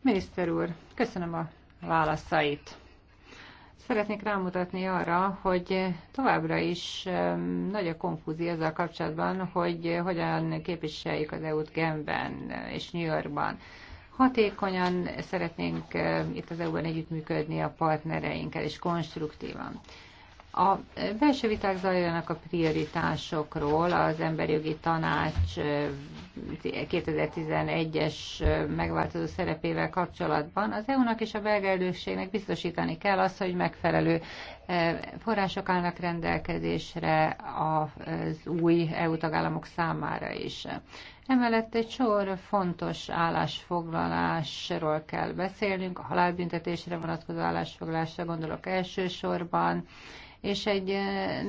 Miniszter úr, köszönöm a válaszait. Szeretnék rámutatni arra, hogy továbbra is nagy a konfúzió ezzel kapcsolatban, hogy hogyan képviseljük az EU-t Genben és New Yorkban. Hatékonyan szeretnénk itt az EU-ban együttműködni a partnereinkkel, és konstruktívan. A belső viták zajlanak a prioritásokról, az emberi jogi tanács 2011-es megváltozó szerepével kapcsolatban. Az EU-nak és a belga biztosítani kell azt, hogy megfelelő források állnak rendelkezésre az új EU tagállamok számára is. Emellett egy sor fontos állásfoglalásról kell beszélnünk, a halálbüntetésre vonatkozó állásfoglalásra gondolok elsősorban, és egy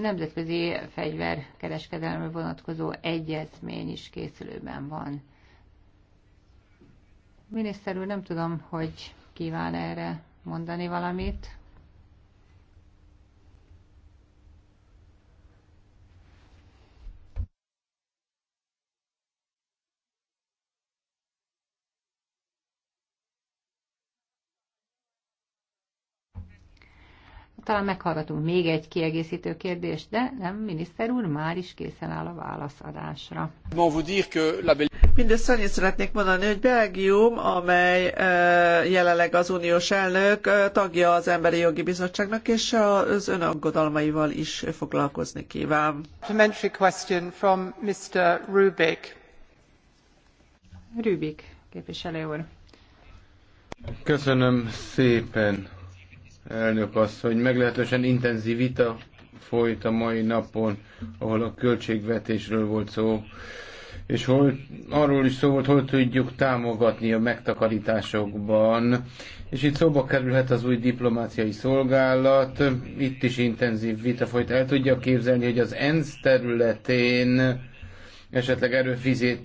nemzetközi fegyverkereskedelme vonatkozó egyezmény is készülőben van. Miniszter úr, nem tudom, hogy kíván erre mondani valamit. talán meghallgatunk még egy kiegészítő kérdést, de nem, miniszter úr már is készen áll a válaszadásra. Mindössze annyit szeretnék mondani, hogy Belgium, amely e, jelenleg az uniós elnök, e, tagja az Emberi Jogi Bizottságnak, és az ön aggodalmaival is foglalkozni kíván. Rubik. Rubik képviselő úr. Köszönöm szépen elnök asszony. Meglehetősen intenzív vita folyt a mai napon, ahol a költségvetésről volt szó, és hol, arról is szó volt, hol tudjuk támogatni a megtakarításokban. És itt szóba kerülhet az új diplomáciai szolgálat, itt is intenzív vita folyt. El tudja képzelni, hogy az ENSZ területén esetleg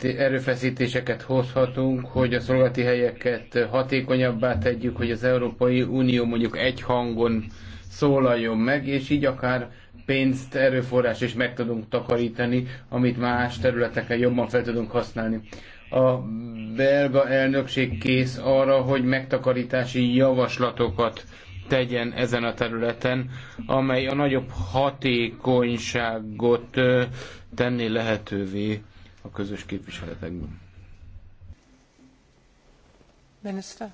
erőfeszítéseket hozhatunk, hogy a szolgálati helyeket hatékonyabbá tegyük, hogy az Európai Unió mondjuk egy hangon szólaljon meg, és így akár pénzt, erőforrás is meg tudunk takarítani, amit más területeken jobban fel tudunk használni. A belga elnökség kész arra, hogy megtakarítási javaslatokat tegyen ezen a területen, amely a nagyobb hatékonyságot tenni lehetővé a közös képviseletekben. Miniszter?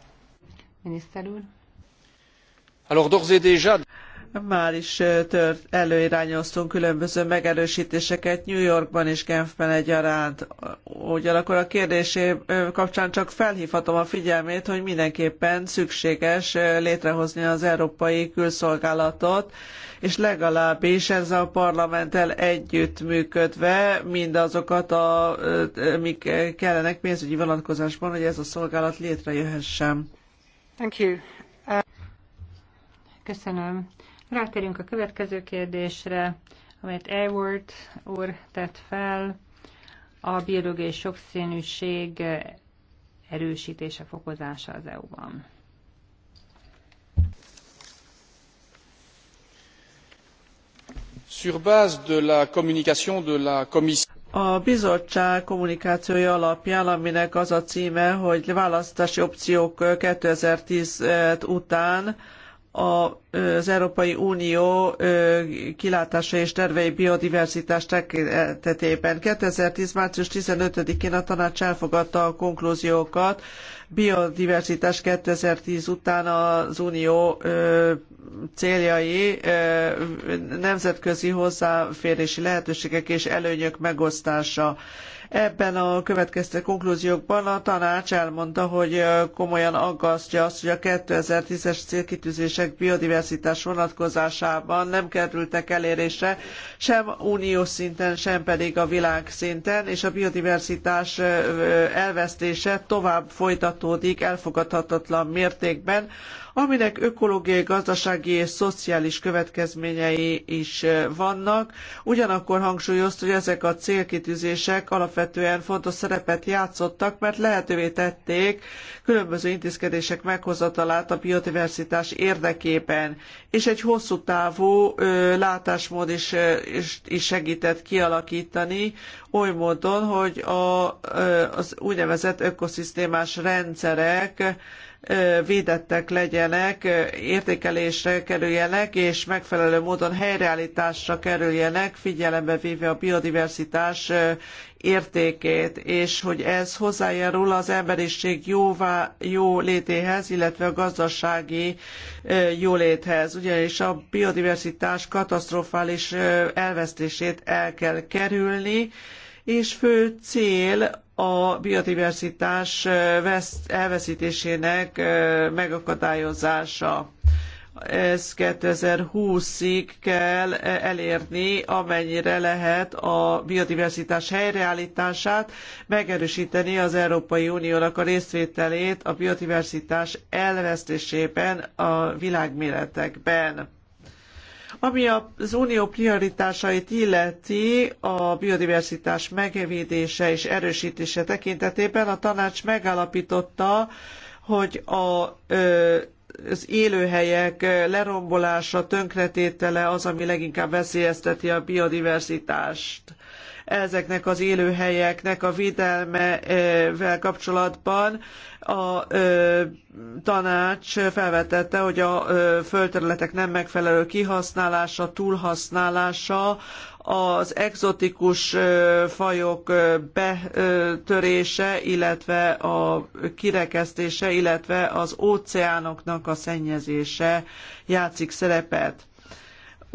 Miniszter úr? Alors d'ores et déjà már is tört, előirányoztunk különböző megerősítéseket New Yorkban és Genfben egyaránt. Ugyanakkor a kérdésé kapcsán csak felhívhatom a figyelmét, hogy mindenképpen szükséges létrehozni az európai külszolgálatot, és legalábbis ez a parlamenttel együttműködve mindazokat, a, mik kellenek pénzügyi vonatkozásban, hogy ez a szolgálat létrejöhessen. Thank you. Uh... Köszönöm. Rátérünk a következő kérdésre, amelyet Edward úr tett fel, a biológiai sokszínűség erősítése, fokozása az EU-ban. Sur base de la communication de la commission. A bizottság kommunikációja alapján, aminek az a címe, hogy választási opciók 2010 után az Európai Unió kilátása és tervei biodiverzitás tekintetében. 2010. március 15-én a tanács elfogadta a konklúziókat biodiverzitás 2010 után az Unió céljai, nemzetközi hozzáférési lehetőségek és előnyök megosztása. Ebben a következő konklúziókban a tanács elmondta, hogy komolyan aggasztja azt, hogy a 2010-es célkitűzések biodiverzitás vonatkozásában nem kerültek elérésre sem uniós szinten, sem pedig a világ szinten, és a biodiverzitás elvesztése tovább folytatódik elfogadhatatlan mértékben, aminek ökológiai, gazdasági és szociális következményei is eh, vannak. Ugyanakkor hangsúlyozta, hogy ezek a célkitűzések alapvetően fontos szerepet játszottak, mert lehetővé tették különböző intézkedések meghozatalát a biodiverzitás érdekében, és egy hosszú távú ö, eh, látásmód is, eh, is, is segített kialakítani, oly módon, hogy a, az úgynevezett ökoszisztémás rendszerek védettek legyenek, értékelésre kerüljenek, és megfelelő módon helyreállításra kerüljenek, figyelembe véve a biodiverzitás értékét, és hogy ez hozzájárul az emberiség jóvá, jó létéhez, illetve a gazdasági jóléthez. Ugyanis a biodiverzitás katasztrofális elvesztését el kell kerülni, és fő cél a biodiverzitás elveszítésének megakadályozása. Ez 2020-ig kell elérni, amennyire lehet a biodiverzitás helyreállítását, megerősíteni az Európai Uniónak a részvételét a biodiverzitás elvesztésében a világméretekben ami az unió prioritásait illeti, a biodiverzitás megvédése és erősítése tekintetében a tanács megállapította, hogy a az élőhelyek lerombolása, tönkretétele az, ami leginkább veszélyezteti a biodiverzitást ezeknek az élőhelyeknek a védelmevel kapcsolatban a tanács felvetette, hogy a földterületek nem megfelelő kihasználása, túlhasználása, az exotikus fajok betörése, illetve a kirekesztése, illetve az óceánoknak a szennyezése játszik szerepet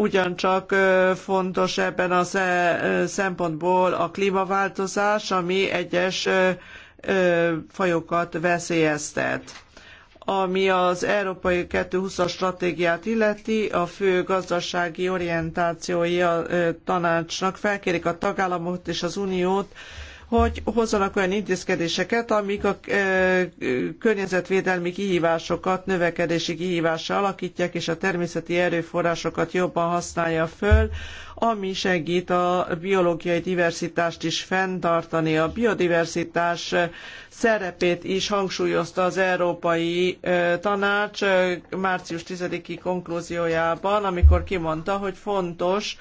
ugyancsak fontos ebben a szempontból a klímaváltozás, ami egyes fajokat veszélyeztet ami az Európai 2020-as stratégiát illeti, a fő gazdasági orientációi a tanácsnak felkérik a tagállamokat és az uniót hogy hozzanak olyan intézkedéseket, amik a e, környezetvédelmi kihívásokat növekedési kihívásra alakítják, és a természeti erőforrásokat jobban használja föl, ami segít a biológiai diverzitást is fenntartani. A biodiverzitás szerepét is hangsúlyozta az Európai e, Tanács e, március 10-i konklúziójában, amikor kimondta, hogy fontos,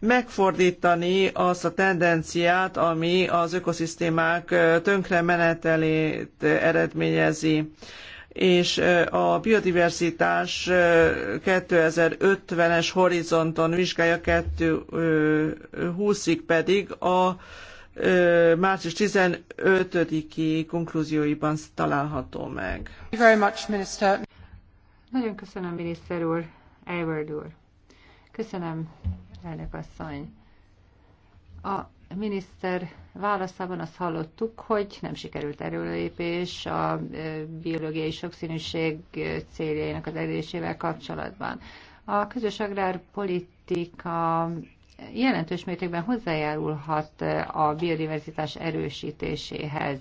megfordítani azt a tendenciát, ami az ökoszisztémák tönkre menetelét eredményezi és a biodiverzitás 2050-es horizonton vizsgálja 2020-ig pedig a március 15-i konklúzióiban található meg. Much, Nagyon köszönöm, miniszter úr, Elward úr. Köszönöm, elnök asszony. A miniszter válaszában azt hallottuk, hogy nem sikerült erőlépés a biológiai sokszínűség céljainak az elérésével kapcsolatban. A közös agrárpolitika jelentős mértékben hozzájárulhat a biodiverzitás erősítéséhez.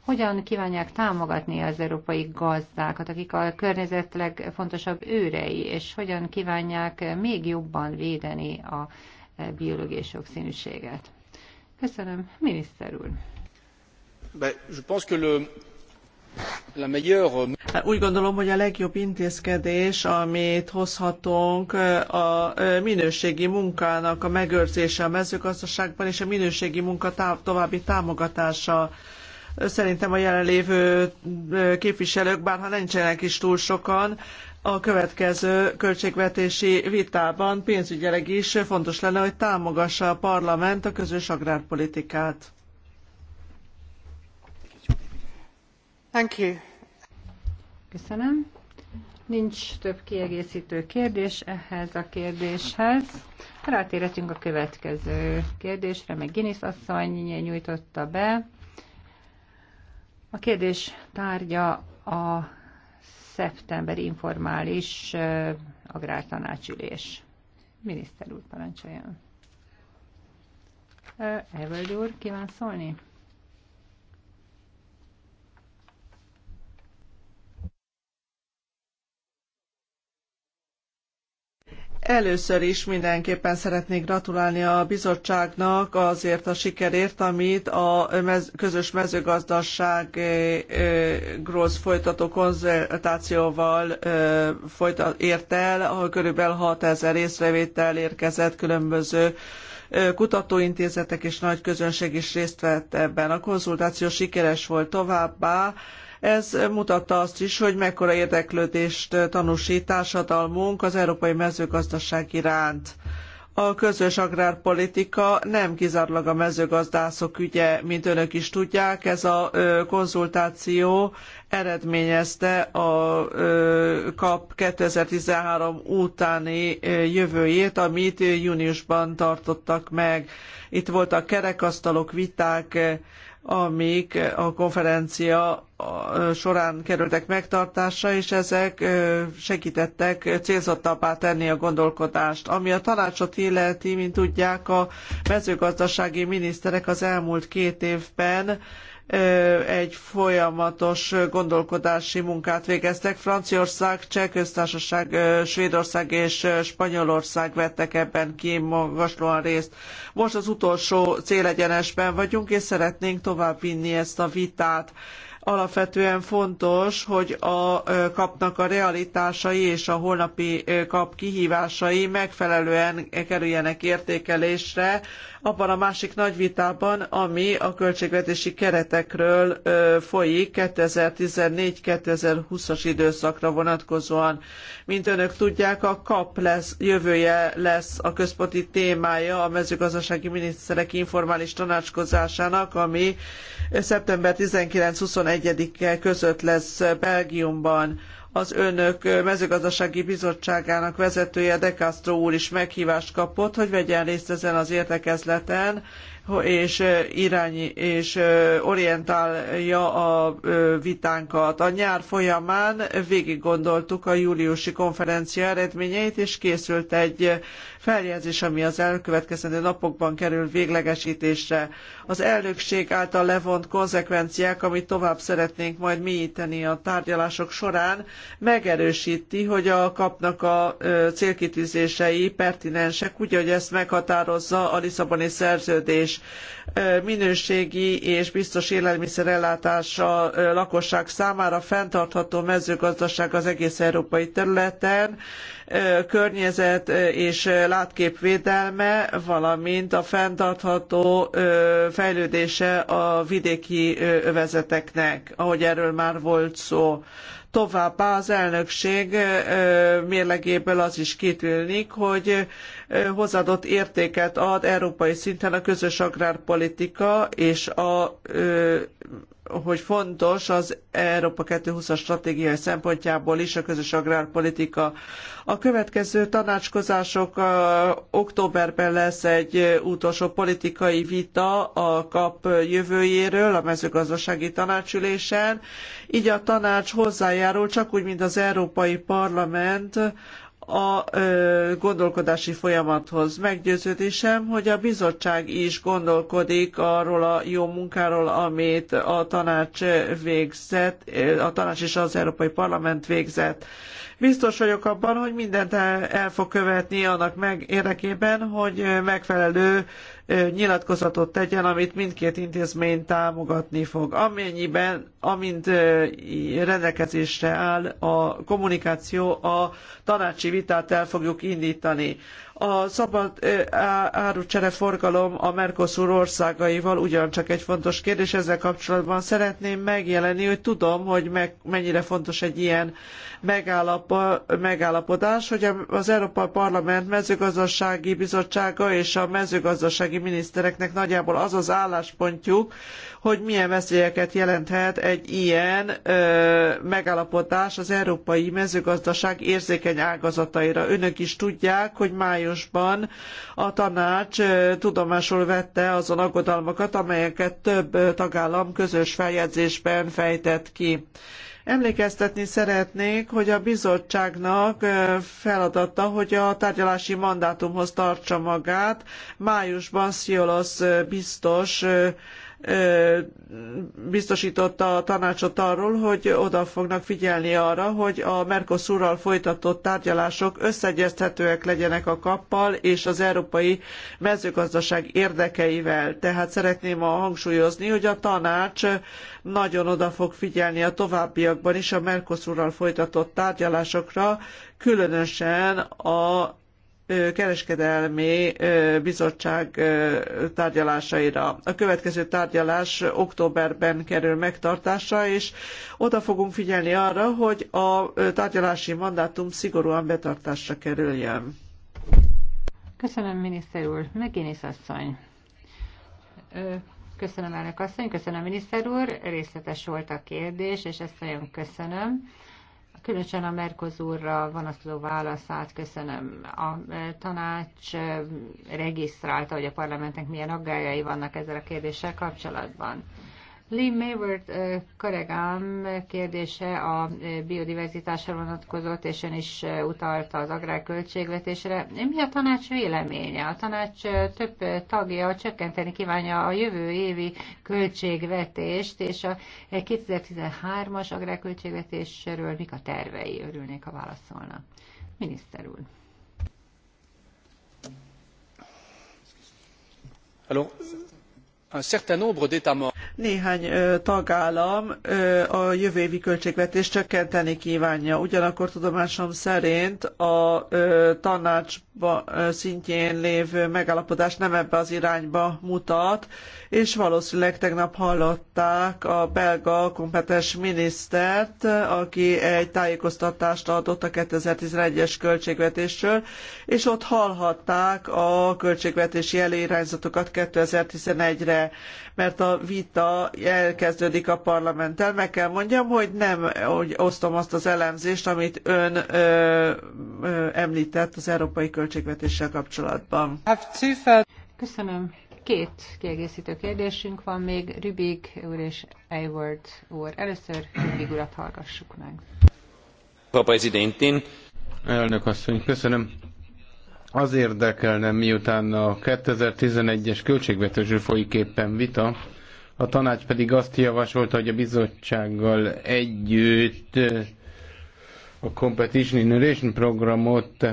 Hogyan kívánják támogatni az európai gazdákat, akik a környezet legfontosabb őrei, és hogyan kívánják még jobban védeni a biológiai sokszínűséget? Köszönöm, miniszter úr! Ben, je pense que le, Euh, hát úgy gondolom, hogy a legjobb intézkedés, amit hozhatunk a minőségi munkának a megőrzése a mezőgazdaságban és a minőségi munka további támogatása. Szerintem a jelenlévő képviselők, bárha nincsenek is túl sokan, a következő költségvetési vitában pénzügyileg is fontos lenne, hogy támogassa a parlament a közös agrárpolitikát. Köszönöm. Nincs több kiegészítő kérdés ehhez a kérdéshez. Rátérhetünk a következő kérdésre, meg Guinness asszony nyújtotta be. A kérdés tárgya a szeptemberi informális agrártanácsülés. Miniszter úr, parancsoljon. Evöld úr, kíván szólni? Először is mindenképpen szeretnék gratulálni a bizottságnak azért a sikerért, amit a közös mezőgazdaságról folytató konzultációval ért el, ahol körülbelül 6000 észrevétel érkezett különböző kutatóintézetek és nagy közönség is részt vett ebben. A konzultáció sikeres volt továbbá, ez mutatta azt is, hogy mekkora érdeklődést tanúsít társadalmunk az európai mezőgazdaság iránt. A közös agrárpolitika nem kizárólag a mezőgazdászok ügye, mint önök is tudják. Ez a konzultáció eredményezte a KAP 2013 utáni jövőjét, amit júniusban tartottak meg. Itt voltak kerekasztalok, viták, amik a konferencia során kerültek megtartásra, és ezek segítettek célzottabbá tenni a gondolkodást. Ami a tanácsot illeti, mint tudják, a mezőgazdasági miniszterek az elmúlt két évben egy folyamatos gondolkodási munkát végeztek. Franciaország, Cseh köztársaság, Svédország és Spanyolország vettek ebben ki magaslóan részt. Most az utolsó célegyenesben vagyunk, és szeretnénk továbbvinni ezt a vitát alapvetően fontos, hogy a kapnak a realitásai és a holnapi kap kihívásai megfelelően kerüljenek értékelésre abban a másik nagy vitában, ami a költségvetési keretekről folyik 2014-2020-as időszakra vonatkozóan. Mint önök tudják, a kap lesz, jövője lesz a központi témája a mezőgazdasági miniszterek informális tanácskozásának, ami szeptember 19-21 21-e között lesz Belgiumban. Az önök mezőgazdasági bizottságának vezetője De Castro úr is meghívást kapott, hogy vegyen részt ezen az értekezleten, és irányi és orientálja a vitánkat. A nyár folyamán végig gondoltuk a júliusi konferencia eredményeit, és készült egy feljegyzés, ami az elkövetkezendő napokban kerül véglegesítésre. Az elnökség által levont konzekvenciák, amit tovább szeretnénk majd mélyíteni a tárgyalások során, megerősíti, hogy a kapnak a célkitűzései pertinensek, úgy, hogy ezt meghatározza a Lisszaboni szerződés minőségi és biztos élelmiszerellátása lakosság számára fenntartható mezőgazdaság az egész európai területen, környezet és látkép védelme, valamint a fenntartható fejlődése a vidéki övezeteknek, ahogy erről már volt szó. Továbbá az elnökség mérlegéből az is kitűnik, hogy hozzáadott értéket ad európai szinten a közös agrárpolitika és a hogy fontos az Európa 2020-as stratégiai szempontjából is a közös agrárpolitika. A következő tanácskozások októberben lesz egy utolsó politikai vita a kap jövőjéről a mezőgazdasági tanácsülésen. Így a tanács hozzájárul csak úgy, mint az Európai Parlament a gondolkodási folyamathoz. Meggyőződésem, hogy a bizottság is gondolkodik arról a jó munkáról, amit a tanács végzett, a tanács és az Európai Parlament végzett. Biztos vagyok abban, hogy mindent el, el fog követni annak meg érdekében, hogy megfelelő nyilatkozatot tegyen, amit mindkét intézmény támogatni fog. Amennyiben, amint rendelkezésre áll a kommunikáció, a tanácsi vitát el fogjuk indítani. A szabad forgalom a Mercosur országaival ugyancsak egy fontos kérdés. Ezzel kapcsolatban szeretném megjelenni, hogy tudom, hogy meg, mennyire fontos egy ilyen megállapodás, hogy az Európai Parlament mezőgazdasági bizottsága és a mezőgazdasági minisztereknek nagyjából az az álláspontjuk, hogy milyen veszélyeket jelenthet egy ilyen ö, megállapodás az európai mezőgazdaság érzékeny ágazataira. Önök is tudják, hogy május májusban a tanács tudomásul vette azon aggodalmakat, amelyeket több tagállam közös feljegyzésben fejtett ki. Emlékeztetni szeretnék, hogy a bizottságnak feladata, hogy a tárgyalási mandátumhoz tartsa magát. Májusban Sziolosz biztos biztosította a tanácsot arról, hogy oda fognak figyelni arra, hogy a Mercosurral folytatott tárgyalások összeegyeztetőek legyenek a kappal és az európai mezőgazdaság érdekeivel. Tehát szeretném hangsúlyozni, hogy a tanács nagyon oda fog figyelni a továbbiakban is a Mercosurral folytatott tárgyalásokra, különösen a kereskedelmi bizottság tárgyalásaira. A következő tárgyalás októberben kerül megtartásra, és oda fogunk figyelni arra, hogy a tárgyalási mandátum szigorúan betartásra kerüljön. Köszönöm, miniszter úr. Megénész asszony. Köszönöm, elnök asszony, köszönöm, miniszter úr. Részletes volt a kérdés, és ezt nagyon köszönöm. Különösen a Merkozúrra vonatkozó válaszát köszönöm. A e, tanács e, regisztrálta, hogy a parlamentnek milyen aggályai vannak ezzel a kérdéssel kapcsolatban. Lee Mayward kollégám kérdése a biodiverzitásra vonatkozott, és ön is utalta az agrárköltségvetésre. Mi a tanács véleménye? A tanács több tagja csökkenteni kívánja a jövő évi költségvetést, és a 2013-as e, agrárköltségvetésről mik a tervei? Örülnék, ha válaszolna. Miniszter úr. Hello. Néhány tagállam a jövő évi költségvetést csökkenteni kívánja. Ugyanakkor tudomásom szerint a tanács szintjén lévő megállapodás nem ebbe az irányba mutat, és valószínűleg tegnap hallották a belga kompetens minisztert, aki egy tájékoztatást adott a 2011-es költségvetésről, és ott hallhatták a költségvetési előirányzatokat 2011-re mert a vita elkezdődik a parlamenttel. Meg kell mondjam, hogy nem hogy osztom azt az elemzést, amit ön ö, ö, említett az európai költségvetéssel kapcsolatban. Köszönöm. Két kiegészítő kérdésünk van még, Rübig úr és Eyward úr. Először Rübig urat hallgassuk meg. Frau Präsidentin! Elnök asszony, köszönöm az érdekelne, miután a 2011-es költségvetésről folyik éppen vita, a tanács pedig azt javasolta, hogy a bizottsággal együtt a Competition Innovation programot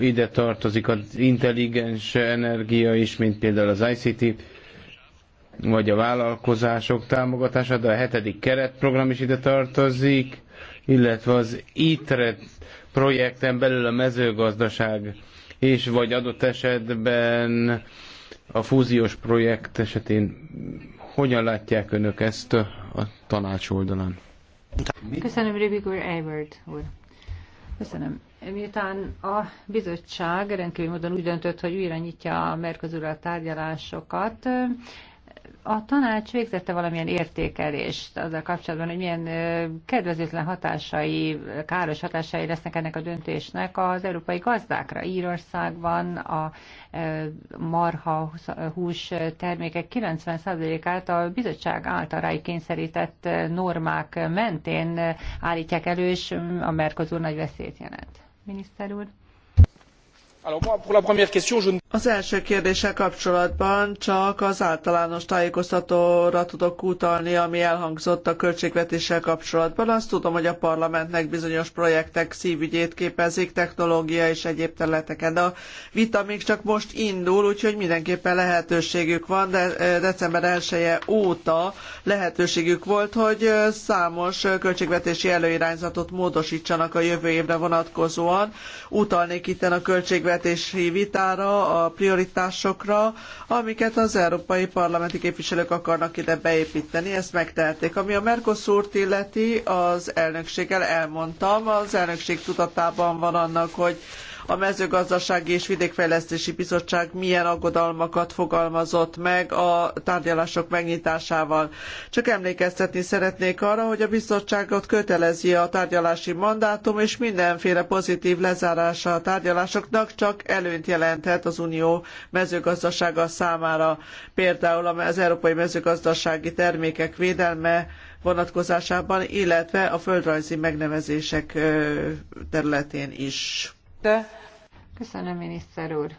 ide tartozik az intelligens energia is, mint például az ICT, vagy a vállalkozások támogatása, de a hetedik keretprogram is ide tartozik, illetve az ITRE projekten belül a mezőgazdaság és vagy adott esetben a fúziós projekt esetén hogyan látják önök ezt a tanács oldalán? Köszönöm, Rubik úr, Edward úr. Köszönöm. Miután a bizottság rendkívül módon úgy döntött, hogy újra nyitja a Merkozúrral tárgyalásokat, a tanács végzette valamilyen értékelést azzal kapcsolatban, hogy milyen kedvezőtlen hatásai, káros hatásai lesznek ennek a döntésnek az európai gazdákra. Írországban a marha hús termékek 90%-át a bizottság által rájuk kényszerített normák mentén állítják elő, a Mercosur nagy veszélyt jelent. Miniszter úr? Az első kérdéssel kapcsolatban csak az általános tájékoztatóra tudok utalni, ami elhangzott a költségvetéssel kapcsolatban. Azt tudom, hogy a parlamentnek bizonyos projektek szívügyét képezik, technológia és egyéb területeken, de a vita még csak most indul, úgyhogy mindenképpen lehetőségük van, de december 1 -e óta lehetőségük volt, hogy számos költségvetési előirányzatot módosítsanak a jövő évre vonatkozóan. Utalnék itten a költségvetési költségvetési vitára, a prioritásokra, amiket az európai parlamenti képviselők akarnak ide beépíteni. Ezt megtehették. Ami a Mercosur-t illeti, az elnökséggel elmondtam, az elnökség tudatában van annak, hogy a mezőgazdasági és vidékfejlesztési bizottság milyen aggodalmakat fogalmazott meg a tárgyalások megnyitásával. Csak emlékeztetni szeretnék arra, hogy a bizottságot kötelezi a tárgyalási mandátum, és mindenféle pozitív lezárása a tárgyalásoknak csak előnyt jelenthet az unió mezőgazdasága számára. Például az európai mezőgazdasági termékek védelme, vonatkozásában, illetve a földrajzi megnevezések területén is. Köszönöm, miniszter úr.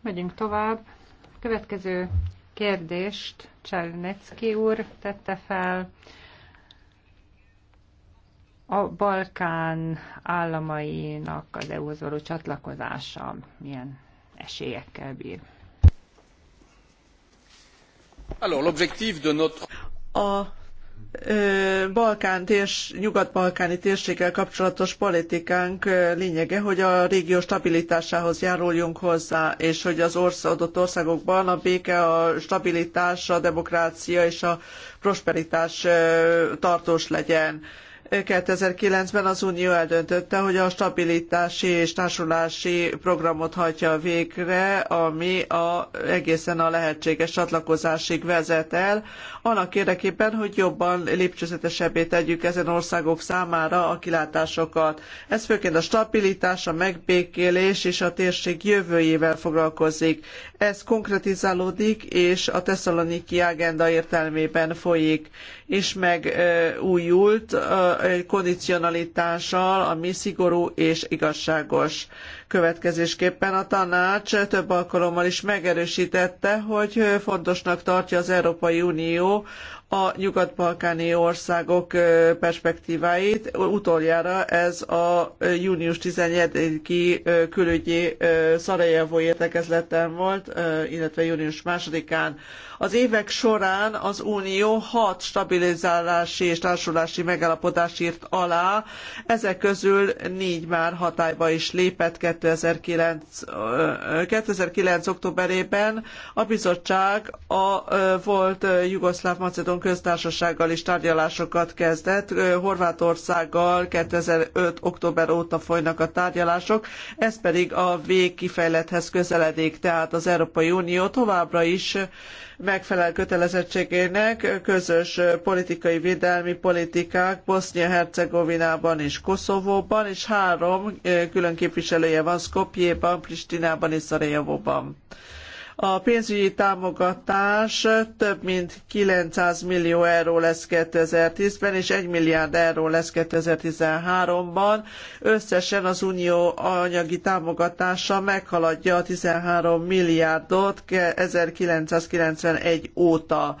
Megyünk tovább. Következő kérdést Csernecki úr tette fel. A Balkán államainak az EU-hoz való csatlakozása milyen esélyekkel bír? Alors, l'objectif de notre... A Balkán térs, nyugat-balkáni térséggel kapcsolatos politikánk lényege, hogy a régió stabilitásához járuljunk hozzá, és hogy az orsz, adott országokban a béke, a stabilitás, a demokrácia és a prosperitás tartós legyen 2009-ben az Unió eldöntötte, hogy a stabilitási és társulási programot hajtja végre, ami a, egészen a lehetséges csatlakozásig vezet el, annak érdekében, hogy jobban lépcsőzetesebbé tegyük ezen országok számára a kilátásokat. Ez főként a stabilitás, a megbékélés és a térség jövőjével foglalkozik. Ez konkretizálódik, és a Tesszaloniki agenda értelmében folyik, és megújult kondicionalitással, ami szigorú és igazságos. Következésképpen a tanács több alkalommal is megerősítette, hogy fontosnak tartja az Európai Unió a nyugat-balkáni országok perspektíváit. Utoljára ez a június 17-i külügyi Szarajevó értekezleten volt, illetve június 2-án. Az évek során az Unió hat stabilizálási és társulási megállapodást írt alá, ezek közül négy már hatályba is lépett 2009, 2009 októberében. A bizottság a volt Jugoszláv-Macedon köztársasággal is tárgyalásokat kezdett. Horvátországgal 2005. október óta folynak a tárgyalások, ez pedig a végkifejlethez közeledik, tehát az Európai Unió továbbra is megfelel kötelezettségének közös politikai védelmi politikák Bosznia-Hercegovinában és Koszovóban, és három eh, külön képviselője van Skopjéban, Pristinában és Szarajevóban. A pénzügyi támogatás több mint 900 millió euró lesz 2010-ben, és 1 milliárd euró lesz 2013-ban. Összesen az unió anyagi támogatása meghaladja a 13 milliárdot 1991 óta.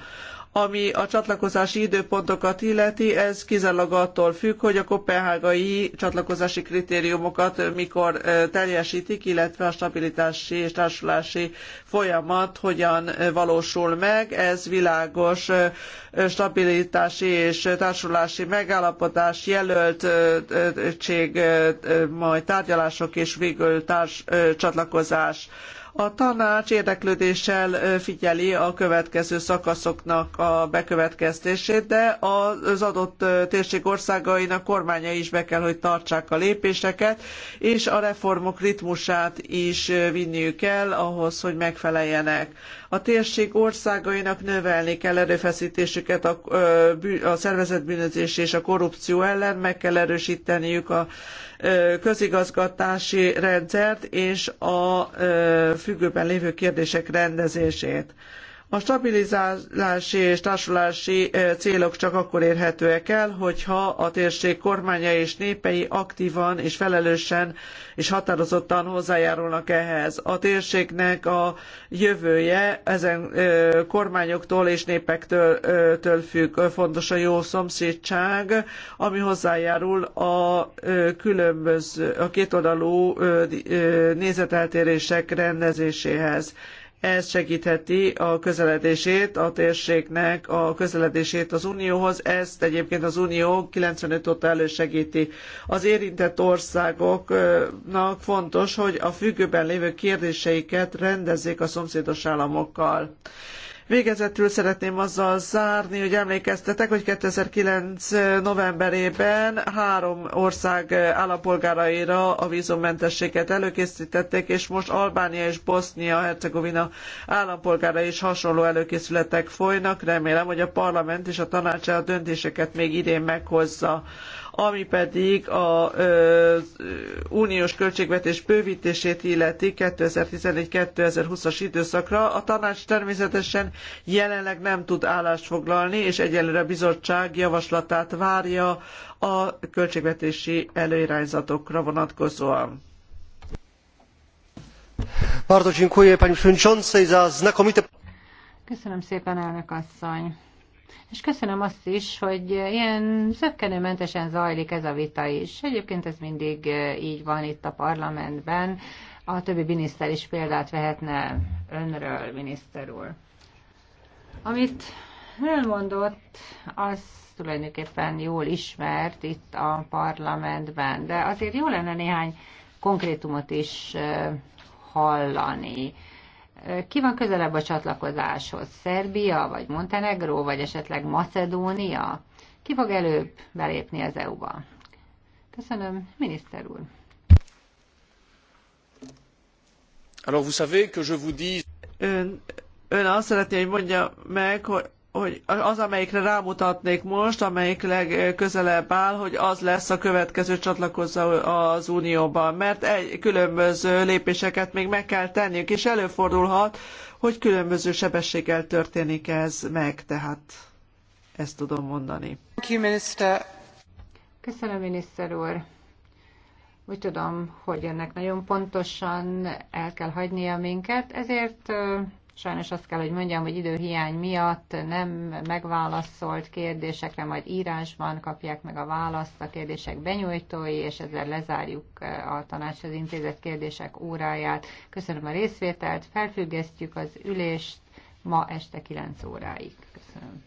Ami a csatlakozási időpontokat illeti, ez kizárólag attól függ, hogy a kopenhágai csatlakozási kritériumokat mikor teljesítik, illetve a stabilitási és társulási folyamat hogyan valósul meg. Ez világos stabilitási és társulási megállapodás jelöltség, majd tárgyalások és végül társ csatlakozás. A tanács érdeklődéssel figyeli a következő szakaszoknak a bekövetkeztését, de az adott térség országainak kormánya is be kell, hogy tartsák a lépéseket, és a reformok ritmusát is vinniük kell ahhoz, hogy megfeleljenek. A térség országainak növelni kell erőfeszítésüket a, a szervezett bűnözés és a korrupció ellen, meg kell erősíteniük a közigazgatási rendszert és a függőben lévő kérdések rendezését. A stabilizálási és társulási célok csak akkor érhetőek el, hogyha a térség kormánya és népei aktívan és felelősen és határozottan hozzájárulnak ehhez. A térségnek a jövője ezen kormányoktól és népektől től függ. Fontos a jó szomszédság, ami hozzájárul a különböző, a kétoldalú nézeteltérések rendezéséhez. Ez segítheti a közeledését a térségnek, a közeledését az Unióhoz. Ezt egyébként az Unió 95 óta elősegíti. Az érintett országoknak fontos, hogy a függőben lévő kérdéseiket rendezzék a szomszédos államokkal. Végezetül szeretném azzal zárni, hogy emlékeztetek, hogy 2009. novemberében három ország állampolgáraira a vízummentességet előkészítették, és most Albánia és Bosznia-Hercegovina állampolgárai is hasonló előkészületek folynak. Remélem, hogy a parlament és a tanács a döntéseket még idén meghozza ami pedig az uniós költségvetés bővítését illeti 2011 2020 as időszakra. A tanács természetesen jelenleg nem tud állást foglalni, és egyelőre a bizottság javaslatát várja a költségvetési előirányzatokra vonatkozóan. Bardzo dziękuję pani przewodniczącej za znakomite... Köszönöm szépen, elnök asszony! És köszönöm azt is, hogy ilyen zöggenőmentesen zajlik ez a vita is. Egyébként ez mindig eh, így van itt a parlamentben. A többi miniszter is példát vehetne önről, miniszter úr. Amit elmondott, az tulajdonképpen jól ismert itt a parlamentben, de azért jó lenne néhány konkrétumot is eh, hallani. Ki van közelebb a csatlakozáshoz? Szerbia, vagy Montenegró, vagy esetleg Macedónia? Ki fog előbb belépni az EU-ba? Köszönöm, miniszter úr. Alors vous savez que je vous dis... Ön, ön azt szeretné, hogy mondja meg, hogy hogy az, amelyikre rámutatnék most, amelyik legközelebb áll, hogy az lesz a következő csatlakozó az Unióban, mert egy, különböző lépéseket még meg kell tenniük, és előfordulhat, hogy különböző sebességgel történik ez meg, tehát ezt tudom mondani. Köszönöm, miniszter úr. Úgy tudom, hogy ennek nagyon pontosan el kell hagynia minket, ezért Sajnos azt kell, hogy mondjam, hogy időhiány miatt nem megválaszolt kérdésekre, majd írásban kapják meg a választ a kérdések benyújtói, és ezzel lezárjuk eh, a tanácshoz intézett kérdések óráját. Köszönöm a részvételt, felfüggesztjük az ülést ma este 9 óráig. Köszönöm.